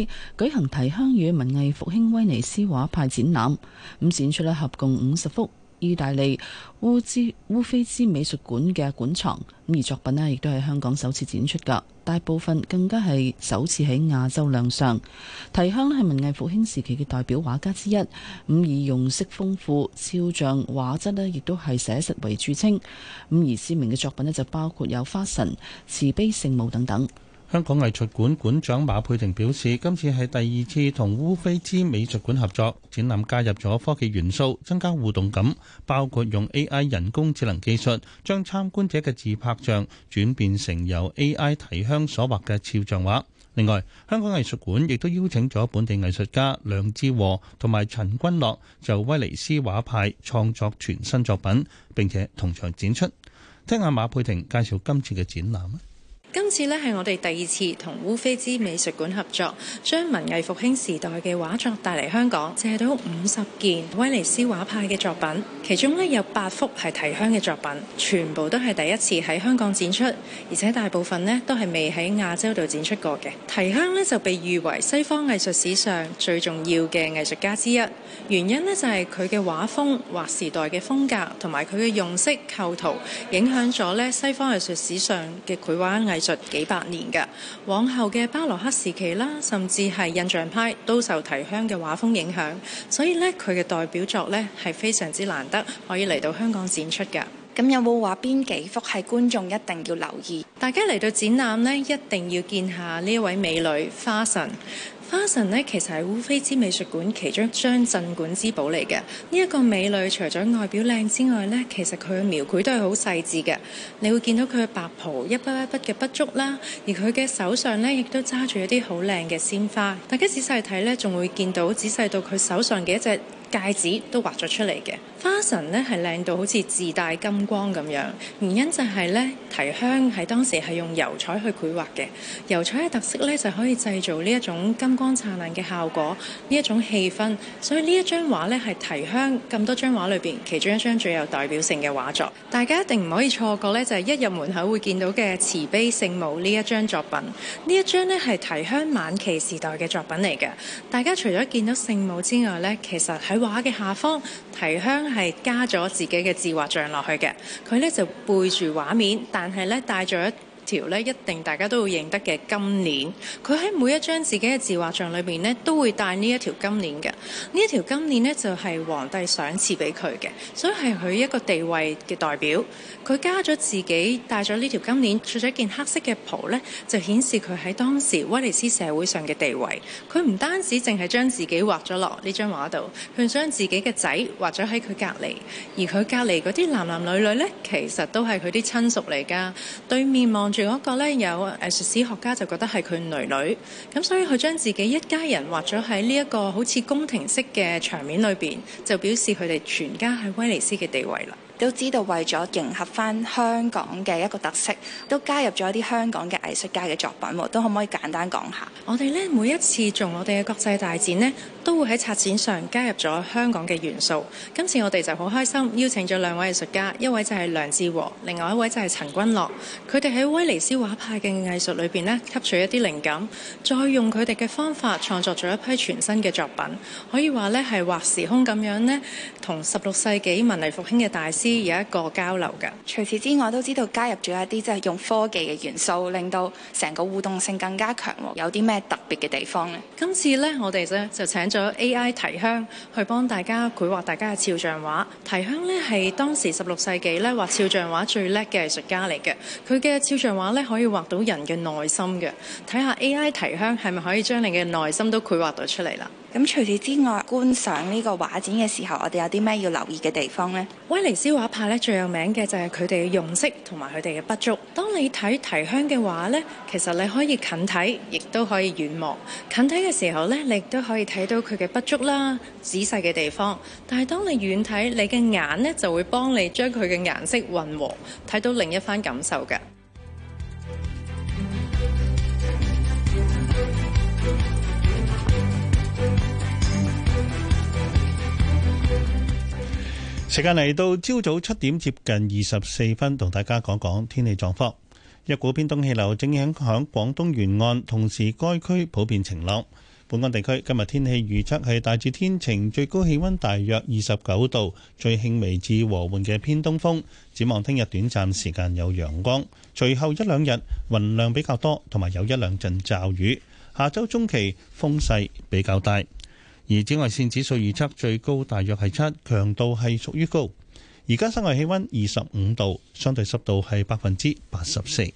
底舉行提香與文藝復興威尼斯畫派展覽，咁展出呢合共五十幅。意大利烏茲烏菲茲美術館嘅館藏，咁而作品咧亦都係香港首次展出噶，大部分更加係首次喺亞洲亮相。提香係文藝復興時期嘅代表畫家之一，咁以用色豐富、肖像畫質咧，亦都係寫實為著稱，咁而知名嘅作品咧就包括有花神、慈悲聖母等等。香港藝術館館長馬佩婷表示，今次係第二次同烏菲茲美術館合作，展覽加入咗科技元素，增加互動感，包括用 AI 人工智能技術將參觀者嘅自拍像轉變成由 AI 提香所畫嘅肖像畫。另外，香港藝術館亦都邀請咗本地藝術家梁志和同埋陳君樂就威尼斯畫派創作全新作品，並且同場展出。聽下馬佩婷介紹今次嘅展覽。今次咧係我哋第二次同烏菲茲美術館合作，將文藝復興時代嘅畫作帶嚟香港，借到五十件威尼斯畫派嘅作品，其中咧有八幅係提香嘅作品，全部都係第一次喺香港展出，而且大部分咧都係未喺亞洲度展出過嘅。提香咧就被譽為西方藝術史上最重要嘅藝術家之一，原因咧就係佢嘅畫風、劃時代嘅風格同埋佢嘅用色、構圖，影響咗咧西方藝術史上嘅繪畫藝術。幾百年嘅往後嘅巴洛克時期啦，甚至係印象派都受提香嘅畫風影響，所以呢，佢嘅代表作呢，係非常之難得可以嚟到香港展出嘅。咁有冇話邊幾幅係觀眾一定要留意？大家嚟到展覽呢，一定要見下呢一位美女花神。花神呢，其實係烏菲茲美術館其中一張鎮館之寶嚟嘅。呢一個美女，除咗外表靚之外呢，其實佢嘅描繪都係好細緻嘅。你會見到佢嘅白袍一筆一筆嘅筆觸啦，而佢嘅手上呢，亦都揸住一啲好靚嘅鮮花。大家仔細睇呢，仲會見到仔細到佢手上嘅一隻戒指都畫咗出嚟嘅。花神呢，係靚到好似自帶金光咁樣，原因就係呢，提香係當時係用油彩去繪畫嘅，油彩嘅特色呢，就可以製造呢一種金光燦爛嘅效果，呢一種氣氛，所以呢一張畫呢，係提香咁多張畫裏邊其中一張最有代表性嘅畫作。大家一定唔可以錯過呢，就係、是、一入門口會見到嘅慈悲聖母呢一張作品，呢一張呢，係提香晚期時代嘅作品嚟嘅。大家除咗見到聖母之外呢，其實喺畫嘅下方，提香係加咗自己嘅自畫像落去嘅。佢咧就背住畫面，但係咧帶咗一條咧一定大家都會認得嘅金鏈，佢喺每一張自己嘅自畫像裏邊咧都會帶呢一條金鏈嘅。呢一條金鏈咧就係皇帝賞賜俾佢嘅，所以係佢一個地位嘅代表。佢加咗自己帶咗呢條金鏈着咗一件黑色嘅袍咧，就顯示佢喺當時威尼斯社會上嘅地位。佢唔單止淨係將自己畫咗落呢張畫度，佢將自己嘅仔畫咗喺佢隔離，而佢隔離嗰啲男男女女咧，其實都係佢啲親屬嚟噶。對面望另一個咧，有藝術史學家就覺得係佢女女，咁所以佢將自己一家人畫咗喺呢一個好似宮廷式嘅場面裏邊，就表示佢哋全家喺威尼斯嘅地位啦。都知道為咗迎合翻香港嘅一個特色，都加入咗一啲香港嘅藝術家嘅作品，都可唔可以簡單講下？我哋咧每一次做我哋嘅國際大展咧，都會喺策展上加入咗香港嘅元素。今次我哋就好開心，邀請咗兩位藝術家，一位就係梁志和，另外一位就係陳君樂。佢哋喺威尼斯畫派嘅藝術裏邊咧，吸取一啲靈感，再用佢哋嘅方法創作咗一批全新嘅作品。可以話咧係畫時空咁樣咧，同十六世紀文藝復興嘅大師。有一個交流㗎。除此之外，都知道加入咗一啲即係用科技嘅元素，令到成個互動性更加強。有啲咩特別嘅地方呢？今次呢，我哋咧就請咗 AI 提香去幫大家繪畫大家嘅肖像畫。提香呢係當時十六世紀咧畫肖像畫最叻嘅藝術家嚟嘅。佢嘅肖像畫咧可以畫到人嘅內心嘅。睇下 AI 提香係咪可以將你嘅內心都繪畫到出嚟啦？咁除此之外，觀賞呢個畫展嘅時候，我哋有啲咩要留意嘅地方咧？威尼斯畫派咧最有名嘅就係佢哋嘅用色同埋佢哋嘅筆觸。當你睇提香嘅話咧，其實你可以近睇，亦都可以遠望。近睇嘅時候咧，你都可以睇到佢嘅筆觸啦、仔細嘅地方。但係當你遠睇，你嘅眼咧就會幫你將佢嘅顏色混和，睇到另一番感受嘅。時間嚟到朝早七點接近二十四分，同大家講講天氣狀況。一股偏東氣流正影響廣東沿岸，同時該區普遍晴朗。本港地區今日天氣預測係大致天晴，最高氣溫大約二十九度，最輕微至和緩嘅偏東風。展望聽日短暫時間有陽光，隨後一兩日雲量比較多，同埋有一兩陣驟雨。下周中期風勢比較大。而紫外線指數預測最高大約係七，強度係屬於高。而家室外氣温二十五度，相對濕度係百分之八十四。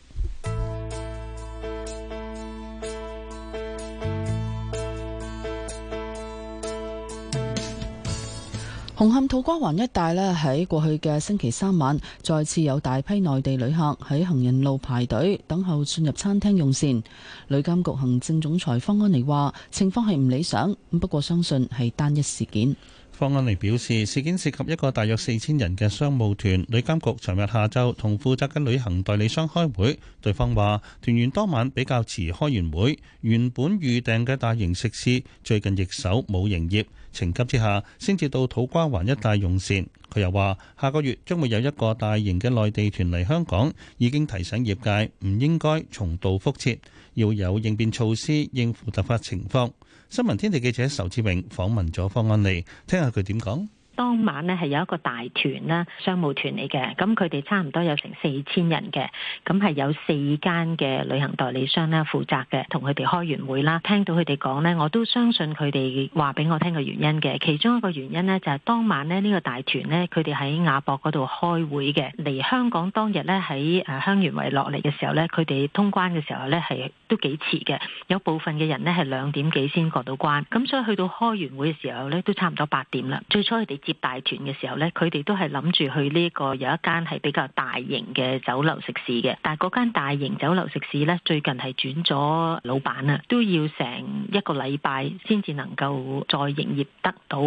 紅磡土瓜灣一帶咧，喺過去嘅星期三晚，再次有大批內地旅客喺行人路排隊等候進入餐廳用膳。旅監局行政總裁方安妮話：情況係唔理想，不過相信係單一事件。方安妮表示，事件涉及一個大約四千人嘅商務團。旅監局尋日下晝同負責嘅旅行代理商開會，對方話團員當晚比較遲開完會，原本預訂嘅大型食肆最近亦首冇營業。情急之下，先至到土瓜灣一帶用膳。佢又話：下個月將會有一個大型嘅內地團嚟香港，已經提醒業界唔應該重蹈覆轍，要有應變措施應付突發情況。新聞天地記者仇志榮訪問咗方安利，聽下佢點講。當晚呢係有一個大團啦，商務團嚟嘅，咁佢哋差唔多有成四千人嘅，咁係有四間嘅旅行代理商呢負責嘅，同佢哋開完會啦。聽到佢哋講呢，我都相信佢哋話俾我聽嘅原因嘅。其中一個原因呢，就係當晚呢，呢個大團呢，佢哋喺亞博嗰度開會嘅，嚟香港當日呢，喺香園圍落嚟嘅時候呢，佢哋通關嘅時候呢，係都幾遲嘅，有部分嘅人呢，係兩點幾先過到關，咁所以去到開完會嘅時候呢，都差唔多八點啦。最初佢哋接大團嘅時候呢，佢哋都係諗住去呢個有一間係比較大型嘅酒樓食肆嘅，但係嗰間大型酒樓食肆呢，最近係轉咗老闆啊，都要成一個禮拜先至能夠再營業得到。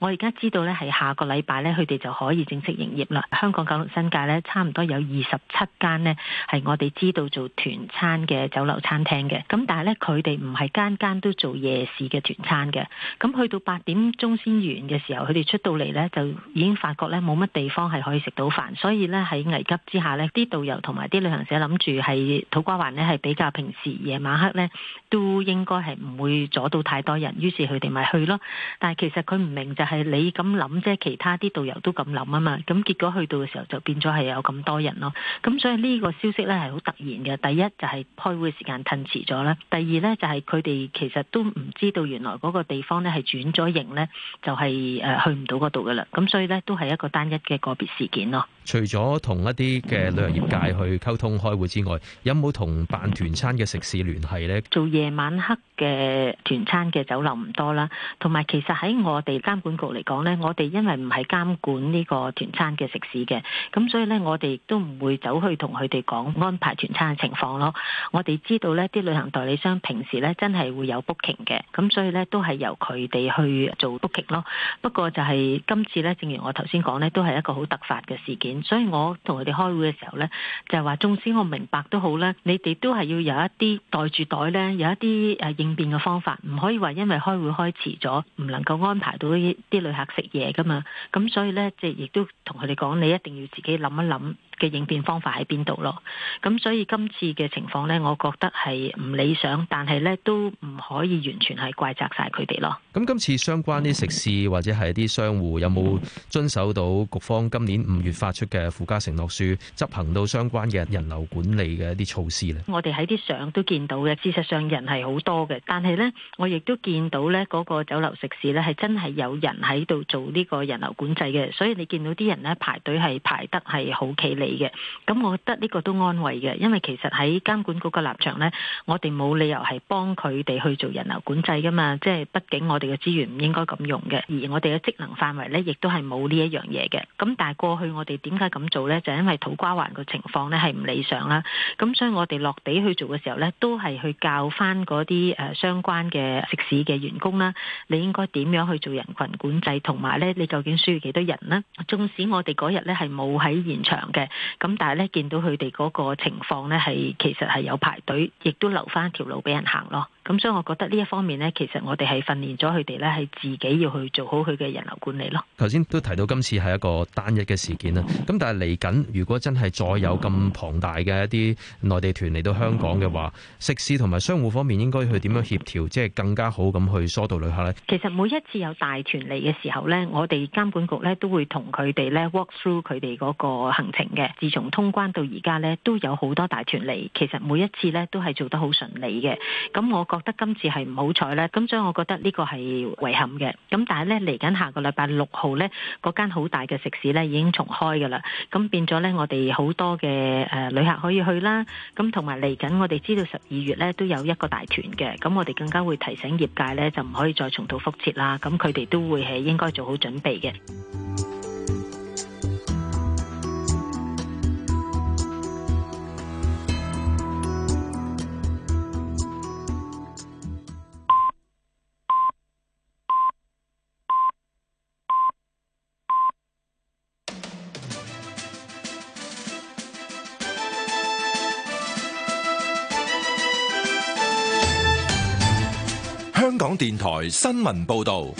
我而家知道呢，係下個禮拜呢，佢哋就可以正式營業啦。香港九龍新界呢，差唔多有二十七間呢，係我哋知道做團餐嘅酒樓餐廳嘅，咁但係呢，佢哋唔係間間都做夜市嘅團餐嘅，咁去到八點鐘先完嘅時候，佢哋出到嚟。咧就已經發覺咧冇乜地方係可以食到飯，所以咧喺危急之下呢啲導遊同埋啲旅行社諗住係土瓜灣呢係比較平時夜晚黑呢都應該係唔會阻到太多人，於是佢哋咪去咯。但係其實佢唔明就係你咁諗啫，其他啲導遊都咁諗啊嘛。咁結果去到嘅時候就變咗係有咁多人咯。咁所以呢個消息咧係好突然嘅。第一就係開會時間騰遲咗啦。第二咧就係佢哋其實都唔知道原來嗰個地方咧係轉咗型咧，就係誒去唔到個。咁所以咧都係一個單一嘅個別事件咯。 除咗同一啲嘅旅遊業界去溝通開會之外，有冇同辦團餐嘅食肆聯繫咧？做夜晚黑嘅團餐嘅酒樓唔多啦，同埋其實喺我哋監管局嚟講咧，我哋因為唔係監管呢個團餐嘅食肆嘅，咁所以咧我哋亦都唔會走去同佢哋講安排團餐嘅情況咯。我哋知道咧啲旅行代理商平時咧真係會有 booking 嘅，咁所以咧都係由佢哋去做 booking 咯。不過就係今次咧，正如我頭先講咧，都係一個好突發嘅事件。所以我同佢哋開會嘅時候呢，就係話，縱使我明白都好啦，你哋都係要有一啲袋住袋呢，有一啲誒應變嘅方法，唔可以話因為開會開遲咗，唔能夠安排到啲旅客食嘢噶嘛，咁所以呢，即係亦都同佢哋講，你一定要自己諗一諗。嘅應變方法喺邊度咯？咁所以今次嘅情況呢，我覺得係唔理想，但係呢都唔可以完全係怪責晒佢哋咯。咁今次相關啲食肆或者係啲商戶有冇遵守到局方今年五月發出嘅附加承諾書，執行到相關嘅人流管理嘅一啲措施呢？我哋喺啲相都見到嘅，事實上人係好多嘅，但係呢，我亦都見到呢嗰個酒樓食肆呢，係真係有人喺度做呢個人流管制嘅，所以你見到啲人呢，排隊係排得係好企。嘅，咁、嗯、我覺得呢個都安慰嘅，因為其實喺監管局嘅立場咧，我哋冇理由係幫佢哋去做人流管制噶嘛，即係畢竟我哋嘅資源唔應該咁用嘅，而我哋嘅職能範圍咧，亦都係冇呢一樣嘢嘅。咁但係過去我哋點解咁做咧？就因為土瓜灣個情況咧係唔理想啦。咁所以我哋落地去做嘅時候咧，都係去教翻嗰啲誒相關嘅食肆嘅員工啦，你應該點樣去做人群管制，同埋咧你究竟需要幾多人呢？縱使我哋嗰日咧係冇喺現場嘅。咁但係咧，見到佢哋嗰個情況咧，係其實係有排隊，亦都留翻一條路俾人行咯。咁所以，我覺得呢一方面咧，其實我哋係訓練咗佢哋咧，係自己要去做好佢嘅人流管理咯。頭先都提到今次係一個單一嘅事件啦。咁但係嚟緊如果真係再有咁龐大嘅一啲內地團嚟到香港嘅話，食肆同埋商戶方面應該去點樣協調，即係更加好咁去疏導旅客咧？其實每一次有大團嚟嘅時候咧，我哋監管局咧都會同佢哋咧 walk through 佢哋嗰個行程嘅。自從通關到而家咧，都有好多大團嚟，其實每一次咧都係做得好順利嘅。咁我覺得今次係唔好彩啦，咁所以我覺得呢個係遺憾嘅。咁但係呢，嚟緊下，下個禮拜六號呢，嗰間好大嘅食肆呢已經重開㗎啦。咁變咗呢，我哋好多嘅誒、呃、旅客可以去啦。咁同埋嚟緊，我哋知道十二月呢都有一個大團嘅。咁我哋更加會提醒業界呢，就唔可以再重蹈覆轍啦。咁佢哋都會係應該做好準備嘅。香港電台新聞報道。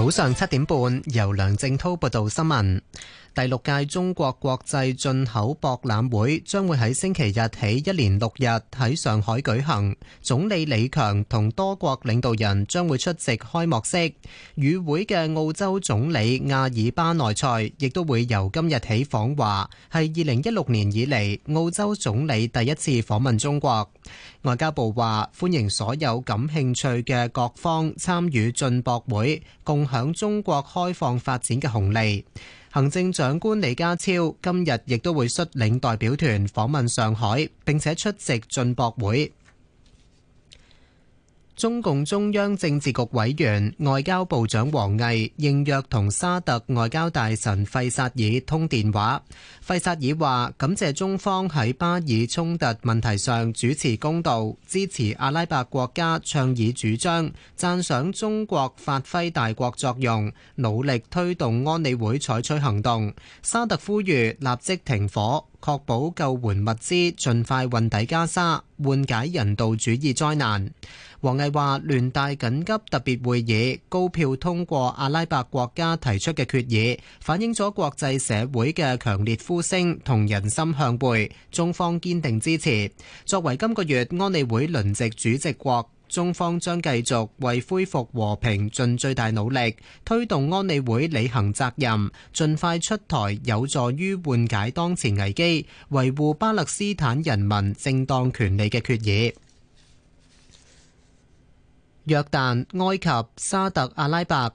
早上七點半，由梁正滔報道新聞。第六屆中國國際進口博覽會將會喺星期日起一連六日喺上海舉行。總理李強同多國領導人將會出席開幕式。與會嘅澳洲總理阿爾巴內塞亦都會由今日起訪華，係二零一六年以嚟澳洲總理第一次訪問中國。外交部話，歡迎所有感興趣嘅各方參與進博會，共享中國開放發展嘅紅利。行政長官李家超今日亦都會率領代表團訪問上海，並且出席進博會。中共中央政治局委員、外交部長王毅應約同沙特外交大臣費薩爾通電話。費薩爾話感謝中方喺巴以衝突問題上主持公道，支持阿拉伯國家倡議主張，讚賞中國發揮大國作用，努力推動安理會採取行動。沙特呼籲立即停火，確保救援物資盡快運抵加沙，緩解人道主義災難。王毅話聯大緊急特別會議高票通過阿拉伯國家提出嘅決議，反映咗國際社會嘅強烈呼聲同人心向背，中方堅定支持。作為今個月安理會輪值主席國，中方將繼續為恢復和平盡最大努力，推動安理會履行責任，盡快出台有助於緩解當前危機、維護巴勒斯坦人民正當權利嘅決議。約旦、埃及、沙特阿拉伯。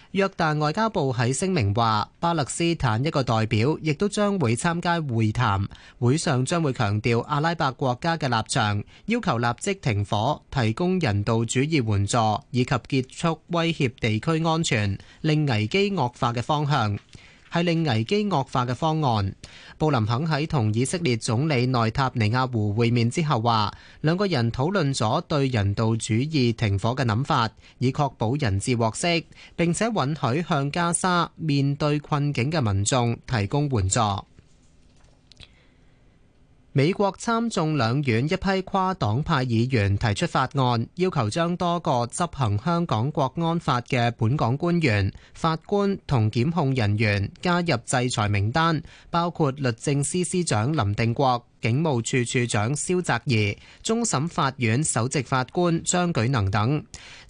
約旦外交部喺聲明話：巴勒斯坦一個代表亦都將會參加會談，會上將會強調阿拉伯國家嘅立場，要求立即停火、提供人道主義援助以及結束威脅地區安全、令危機惡化嘅方向。係令危機惡化嘅方案。布林肯喺同以色列總理內塔尼亞胡會面之後話，兩個人討論咗對人道主義停火嘅諗法，以確保人質獲釋，並且允許向加沙面對困境嘅民眾提供援助。美國參眾兩院一批跨黨派議員提出法案，要求將多個執行香港國安法嘅本港官員、法官同檢控人員加入制裁名單，包括律政司司長林定國、警務處處長蕭澤頤、終審法院首席法官張舉能等。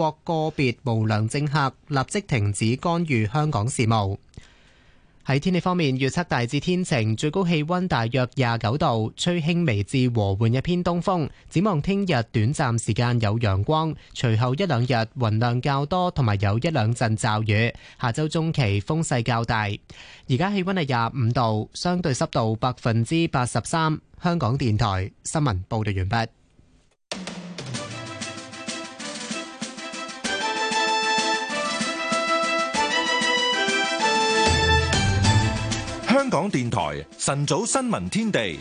國個別無良政客立即停止干預香港事務。喺天氣方面，預測大致天晴，最高氣温大約廿九度，吹輕微至和緩一偏東風。展望聽日短暫時間有陽光，隨後一兩日雲量較多，同埋有一兩陣驟雨。下周中期風勢較大。而家氣温係廿五度，相對濕度百分之八十三。香港電台新聞報道完畢。香港電台晨早新聞天地，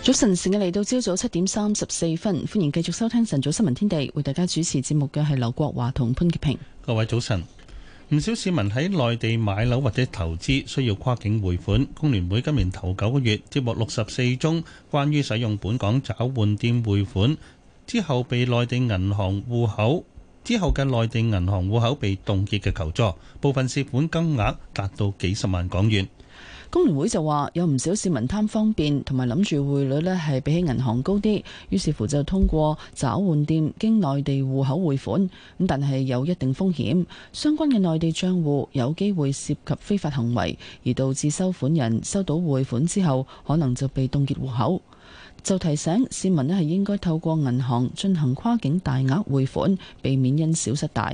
早晨，時間嚟到，朝早七點三十四分，歡迎繼續收聽晨早新聞天地，為大家主持節目嘅係劉國華同潘潔平。各位早晨，唔少市民喺內地買樓或者投資，需要跨境匯款。工聯會今年頭九個月接獲六十四宗關於使用本港找換店匯款之後，被內地銀行戶口，之後嘅內地銀行戶口被凍結嘅求助，部分涉款金額達到幾十萬港元。工聯會就話，有唔少市民貪方便，同埋諗住匯率呢係比起銀行高啲，於是乎就通過找換店經內地戶口匯款，咁但係有一定風險，相關嘅內地賬戶有機會涉及非法行為，而導致收款人收到匯款之後，可能就被凍結戶口。就提醒市民咧係應該透過銀行進行跨境大額匯款，避免因小失大。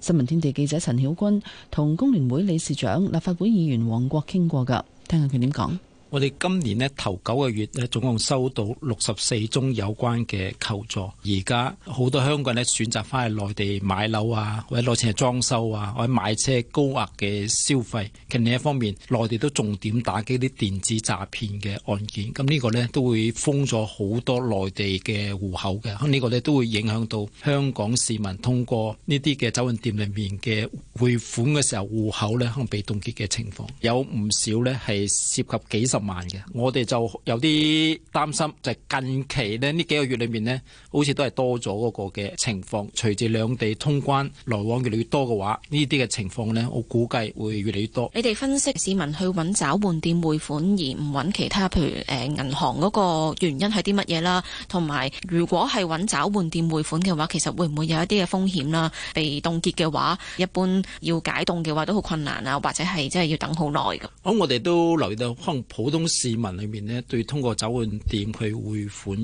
新聞天地記者陳曉君同工聯會理事長、立法會議員黃國傾過㗎，聽下佢點講。我哋今年呢頭九個月呢，總共收到六十四宗有關嘅求助，而家好多香港人呢選擇翻去內地買樓啊，或者攞錢嚟裝修啊，或者買車高額嘅消費。其實另一方面，內地都重點打擊啲電子詐騙嘅案件，咁呢個呢，都會封咗好多內地嘅戶口嘅，噉呢個呢，都會影響到香港市民通過呢啲嘅找換店裏面嘅匯款嘅時候，戶口呢可能被凍結嘅情況，有唔少呢，係涉及幾十。慢嘅，我哋就有啲擔心，就係、近期咧呢幾個月裏面呢，好似都係多咗嗰個嘅情況。隨住兩地通關來往越嚟越多嘅話，呢啲嘅情況呢，我估計會越嚟越多。你哋分析市民去揾找換店匯款而唔揾其他，譬如誒銀、呃、行嗰個原因係啲乜嘢啦？同埋如果係揾找換店匯款嘅話，其實會唔會有一啲嘅風險啦？被凍結嘅話，一般要解凍嘅話都好困難啊，或者係即係要等好耐嘅。咁、嗯、我哋都留意到可能普普通市民裏面咧，對通過找換店去匯款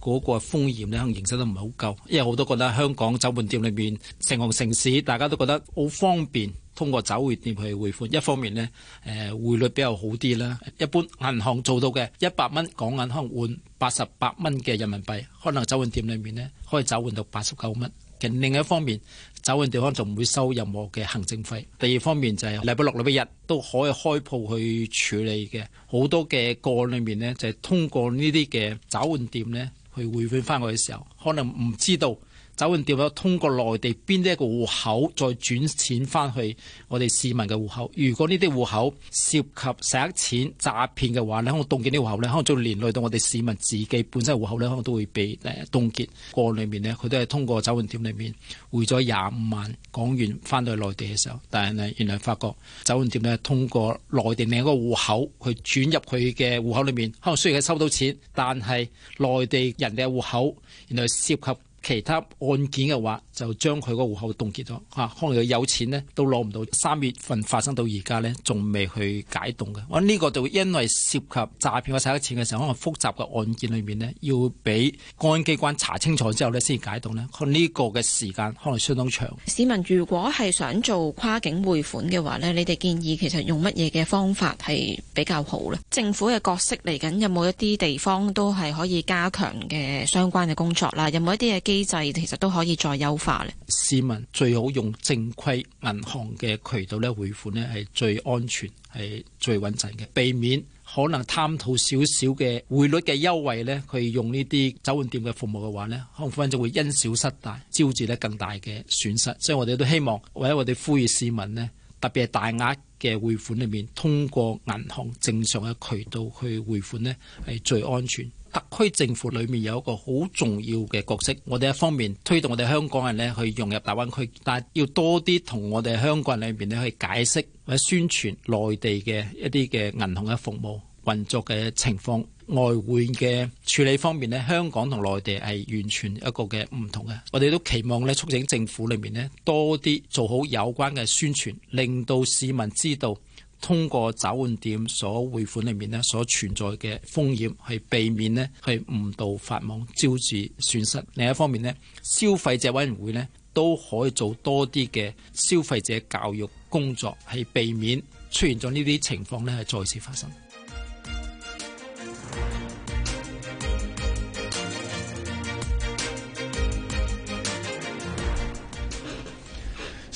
嗰個風險咧，可能認識得唔係好夠，因為好多覺得香港找換店裏面成行成市，大家都覺得好方便通過找換店去匯款。一方面咧，誒匯率比較好啲啦。一般銀行做到嘅一百蚊港銀可能換八十八蚊嘅人民幣，可能找換店裏面咧可以找換到八十九蚊。另一方面，找換地方就唔會收任何嘅行政費。第二方面就係禮拜六、禮拜日都可以開鋪去處理嘅。好多嘅個案裏面呢，就係、是、通過呢啲嘅找換店呢去匯款翻去嘅時候，可能唔知道。找換店咧，通過內地邊啲一個戶口再轉錢翻去我哋市民嘅戶口。如果呢啲戶口涉及洗錢詐騙嘅話咧，可能凍結啲戶口呢，可能仲連累到我哋市民自己本身戶口呢，可能都會被誒凍結。個案裏面呢，佢都係通過找換店裏面匯咗廿五萬港元翻到去內地嘅時候，但係呢，原來發覺找換店咧通過內地另一個戶口去轉入佢嘅戶口裏面，可能雖然係收到錢，但係內地人哋嘅戶口原來涉及。其他案件嘅話，就將佢個戶口凍結咗吓、啊，可能佢有錢咧都攞唔到。三月份發生到而家咧，仲未去解凍嘅。我、啊、呢、呢個就因為涉及詐騙或者洗錢嘅時候，可能複雜嘅案件裏面咧，要俾公安機關查清楚之後咧先解凍咧。可能呢個嘅時間可能相當長。市民如果係想做跨境匯款嘅話咧，你哋建議其實用乜嘢嘅方法係比較好咧？政府嘅角色嚟緊有冇一啲地方都係可以加強嘅相關嘅工作啦？有冇一啲嘅？機制其實都可以再優化咧。市民最好用正規銀行嘅渠道咧匯款咧係最安全係最穩陣嘅，避免可能貪圖少少嘅匯率嘅優惠咧，佢用呢啲找換店嘅服務嘅話咧，客戶咧就會因小失大，招致咧更大嘅損失。所以我哋都希望，或者我哋呼籲市民咧，特別係大額嘅匯款裏面，通過銀行正常嘅渠道去匯款咧係最安全。特區政府裏面有一個好重要嘅角色，我哋一方面推動我哋香港人呢去融入大灣區，但係要多啲同我哋香港人裏面呢去解釋或者宣傳內地嘅一啲嘅銀行嘅服務運作嘅情況、外匯嘅處理方面呢，香港同內地係完全一個嘅唔同嘅。我哋都期望呢促請政府裏面呢多啲做好有關嘅宣傳，令到市民知道。通過找換店所匯款裏面呢所存在嘅風險，係避免呢係誤導法網招致損失。另一方面呢，消費者委員會呢都可以做多啲嘅消費者教育工作，係避免出現咗呢啲情況呢係再次發生。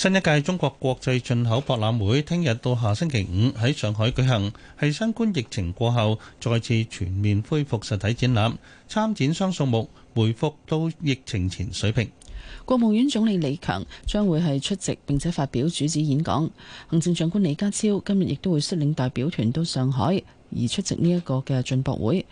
新一屆中國國際進口博覽會聽日到下星期五喺上海舉行，係新冠疫情過後再次全面恢復實體展覽，參展商數目回復到疫情前水平。國務院總理李強將會係出席並且發表主旨演講，行政長官李家超今日亦都會率領代表團到上海而出席呢一個嘅進博會。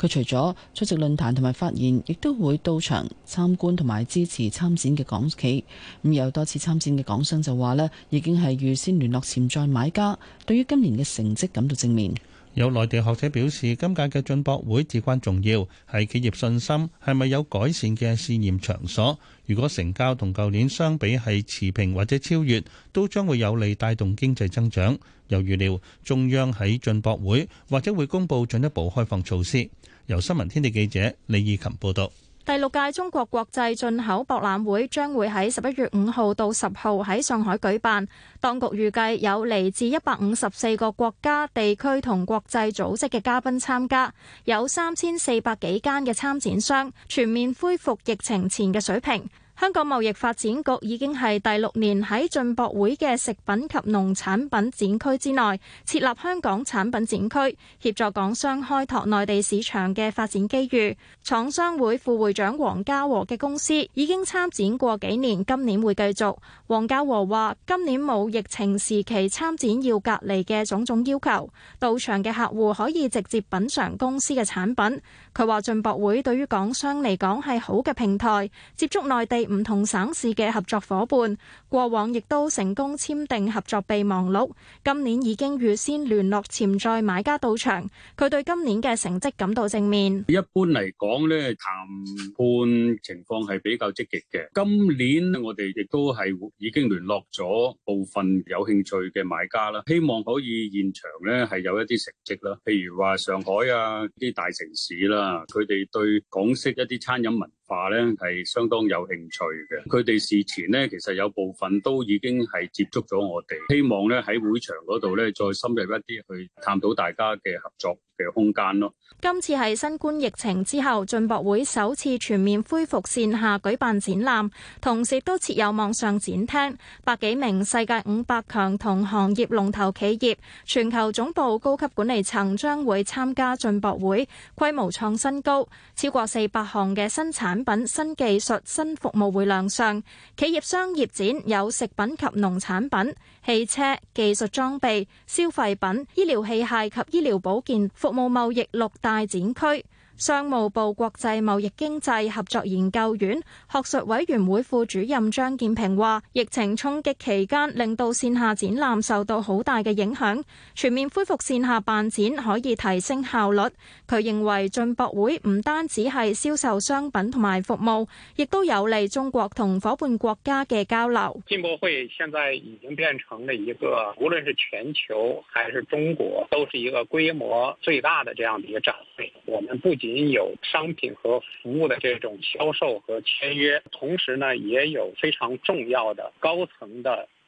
佢除咗出席論壇同埋發言，亦都會到場參觀同埋支持參展嘅港企。咁有多次參展嘅港商就話咧，已經係預先聯絡潛在買家，對於今年嘅成績感到正面。有內地學者表示，今屆嘅進博會至關重要，係企業信心係咪有改善嘅試驗場所。如果成交同舊年相比係持平或者超越，都將會有利帶動經濟增長，又預料中央喺進博會或者會公布進一步開放措施。由新聞天地記者李義琴報道，第六屆中國國際進口博覽會將會喺十一月五號到十號喺上海舉辦。當局預計有嚟自一百五十四個國家地區同國際組織嘅嘉賓參加，有三千四百幾間嘅參展商，全面恢復疫情前嘅水平。香港貿易發展局已經係第六年喺進博會嘅食品及農產品展區之內設立香港產品展區，協助港商開拓內地市場嘅發展機遇。廠商會副會長黃家和嘅公司已經參展過幾年，今年會繼續。黃家和話，今年冇疫情時期參展要隔離嘅種種要求，到場嘅客戶可以直接品嘗公司嘅產品。佢話，進博會對於港商嚟講係好嘅平台，接觸內地。唔同省市嘅合作夥伴，過往亦都成功簽訂合作備忘錄，今年已經預先聯絡潛在買家到場，佢對今年嘅成績感到正面。一般嚟講咧，談判情況係比較積極嘅。今年我哋亦都係已經聯絡咗部分有興趣嘅買家啦，希望可以現場咧係有一啲成績啦。譬如話上海啊啲大城市啦、啊，佢哋對港式一啲餐飲文話咧係相當有興趣嘅，佢哋事前咧其實有部分都已經係接觸咗我哋，希望咧喺會場嗰度咧再深入一啲去探討大家嘅合作。嘅空間咯。今次係新冠疫情之後，進博會首次全面恢復線下舉辦展覽，同時都設有網上展廳。百幾名世界五百強同行業龍頭企業、全球總部高級管理層將會參加進博會，規模創新高，超過四百項嘅新產品、新技術、新服務會亮相。企業商業展有食品及農產品、汽車、技術裝備、消費品、醫療器械及醫療保健服務貿易六大展區。商務部國際貿易經濟合作研究院學術委員會副主任張建平話，疫情衝擊期間令到線下展覽受到好大嘅影響，全面恢復線下辦展可以提升效率。佢認為，進博會唔單止係銷售商品同埋服務，亦都有利中國同夥伴國家嘅交流。進博會現在已經變成了一個，無論是全球還是中國，都是一個規模最大的這樣的一個展會。我們不僅您有商品和服務的這種銷售和簽約，同時呢，也有非常重要的高層的，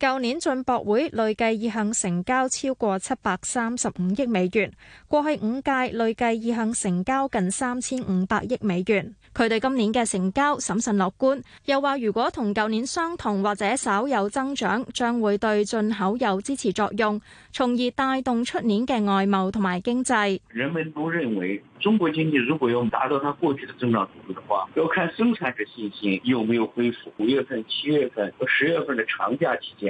舊年進博會累計意向成交超過七百三十五億美元，過去五屆累計意向成交近三千五百億美元。佢對今年嘅成交審慎樂觀，又話如果同舊年相同或者稍有增長，將會對進口有支持作用，從而帶動出年嘅外貿同埋經濟。人們都認為中國經濟如果要達到它過去嘅增長速度嘅話，要看生產者信心有沒有恢復。五月份、七月份和十月份嘅長假期間。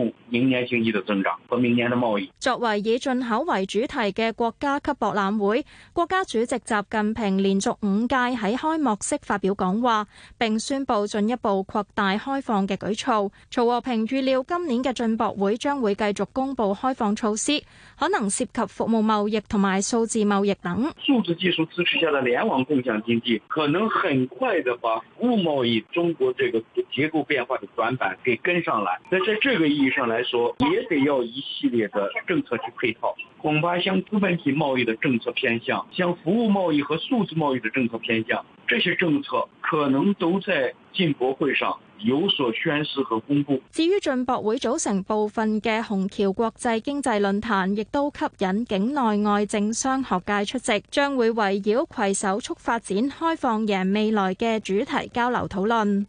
明年經濟的增長和明年的貿易。作為以進口為主題嘅國家級博覽會，國家主席習近平連續五屆喺開幕式發表講話，並宣布進一步擴大開放嘅舉措。曹和平預料今年嘅進博會將會繼續公布開放措施，可能涉及服務貿易同埋數字貿易等。數字技術支持下嘅聯網共享經濟，可能很快地把服務貿易中國這個結構變化嘅短板給跟上來。那在這個意義上來說，也得要一系列的政策去配套。恐怕像資本體貿易的政策偏向，像服務貿易和數字貿易的政策偏向，這些政策可能都在進博會上有所宣示和公布。至於進博會組成部分嘅虹橋國際經濟論壇，亦都吸引境內外政商學界出席，將會圍繞攜手促發展、開放贏未來嘅主題交流討論。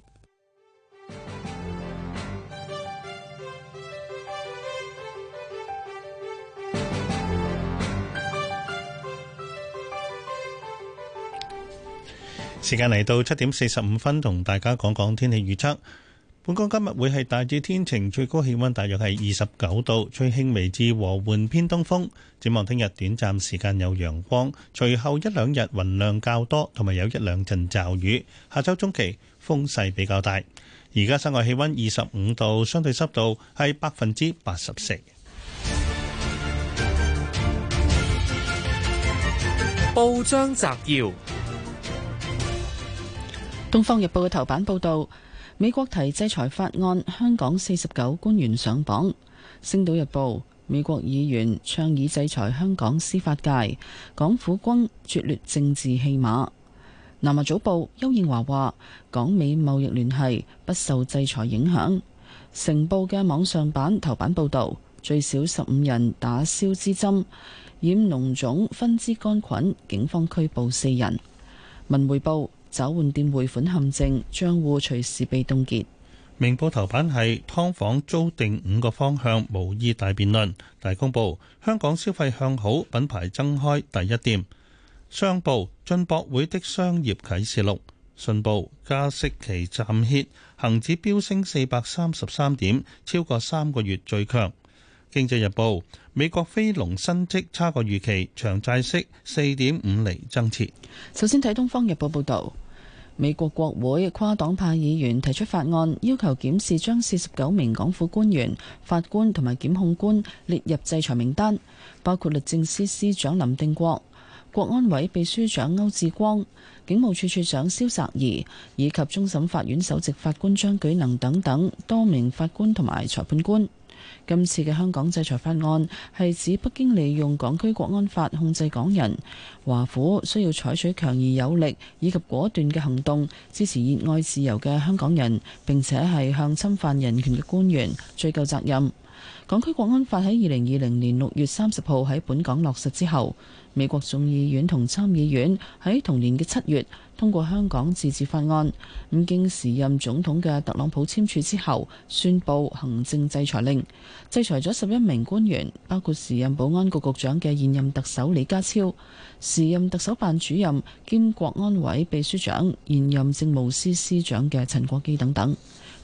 時間嚟到七點四十五分，同大家講講天氣預測。本港今日會係大致天晴，最高氣溫大約係二十九度，吹輕微至和緩偏東風。展望聽日短暫時間有陽光，隨後一兩日雲量較多，同埋有一兩陣驟雨。下周中期風勢比較大。而家室外氣温二十五度，相對濕度係百分之八十四。報章摘要。《東方日報》嘅頭版報導，美國提制裁法案，香港四十九官員上榜。《星島日報》美國議員倡議制裁香港司法界，港府轟拙劣政治戲碼。《南華早報》邱應華話，港美貿易聯繫不受制裁影響。《成報》嘅網上版頭版報導，最少十五人打消脂針，染膿腫分枝桿菌，警方拘捕四人。《文匯報》找換店匯款陷阱，賬戶隨時被凍結。明報頭版係劏房租定五個方向，無意大辯論。大公報香港消費向好，品牌增開第一店。商報進博會的商業啟示錄。信報加息期暫歇，恒指飆升四百三十三點，超過三個月最強。經濟日報。美國非農新職差過預期，長債息四點五厘增設。首先睇《東方日報》報道，美國國會跨黨派議員提出法案，要求檢視將四十九名港府官員、法官同埋檢控官列入制裁名單，包括律政司司長林定國、國安委秘書長歐志光、警務處處長蕭澤頤以及終審法院首席法官張舉能等等多名法官同埋裁判官。今次嘅香港制裁法案係指北京利用港區國安法控制港人，華府需要採取強而有力以及果斷嘅行動，支持熱愛自由嘅香港人，並且係向侵犯人權嘅官員追究責任。港區國安法喺二零二零年六月三十號喺本港落實之後。美國眾議院同參議院喺同年嘅七月通過《香港自治法案》，咁經時任總統嘅特朗普簽署之後，宣佈行政制裁令，制裁咗十一名官員，包括時任保安局局長嘅現任特首李家超、時任特首辦主任兼國安委秘書長、現任政務司司長嘅陳國基等等。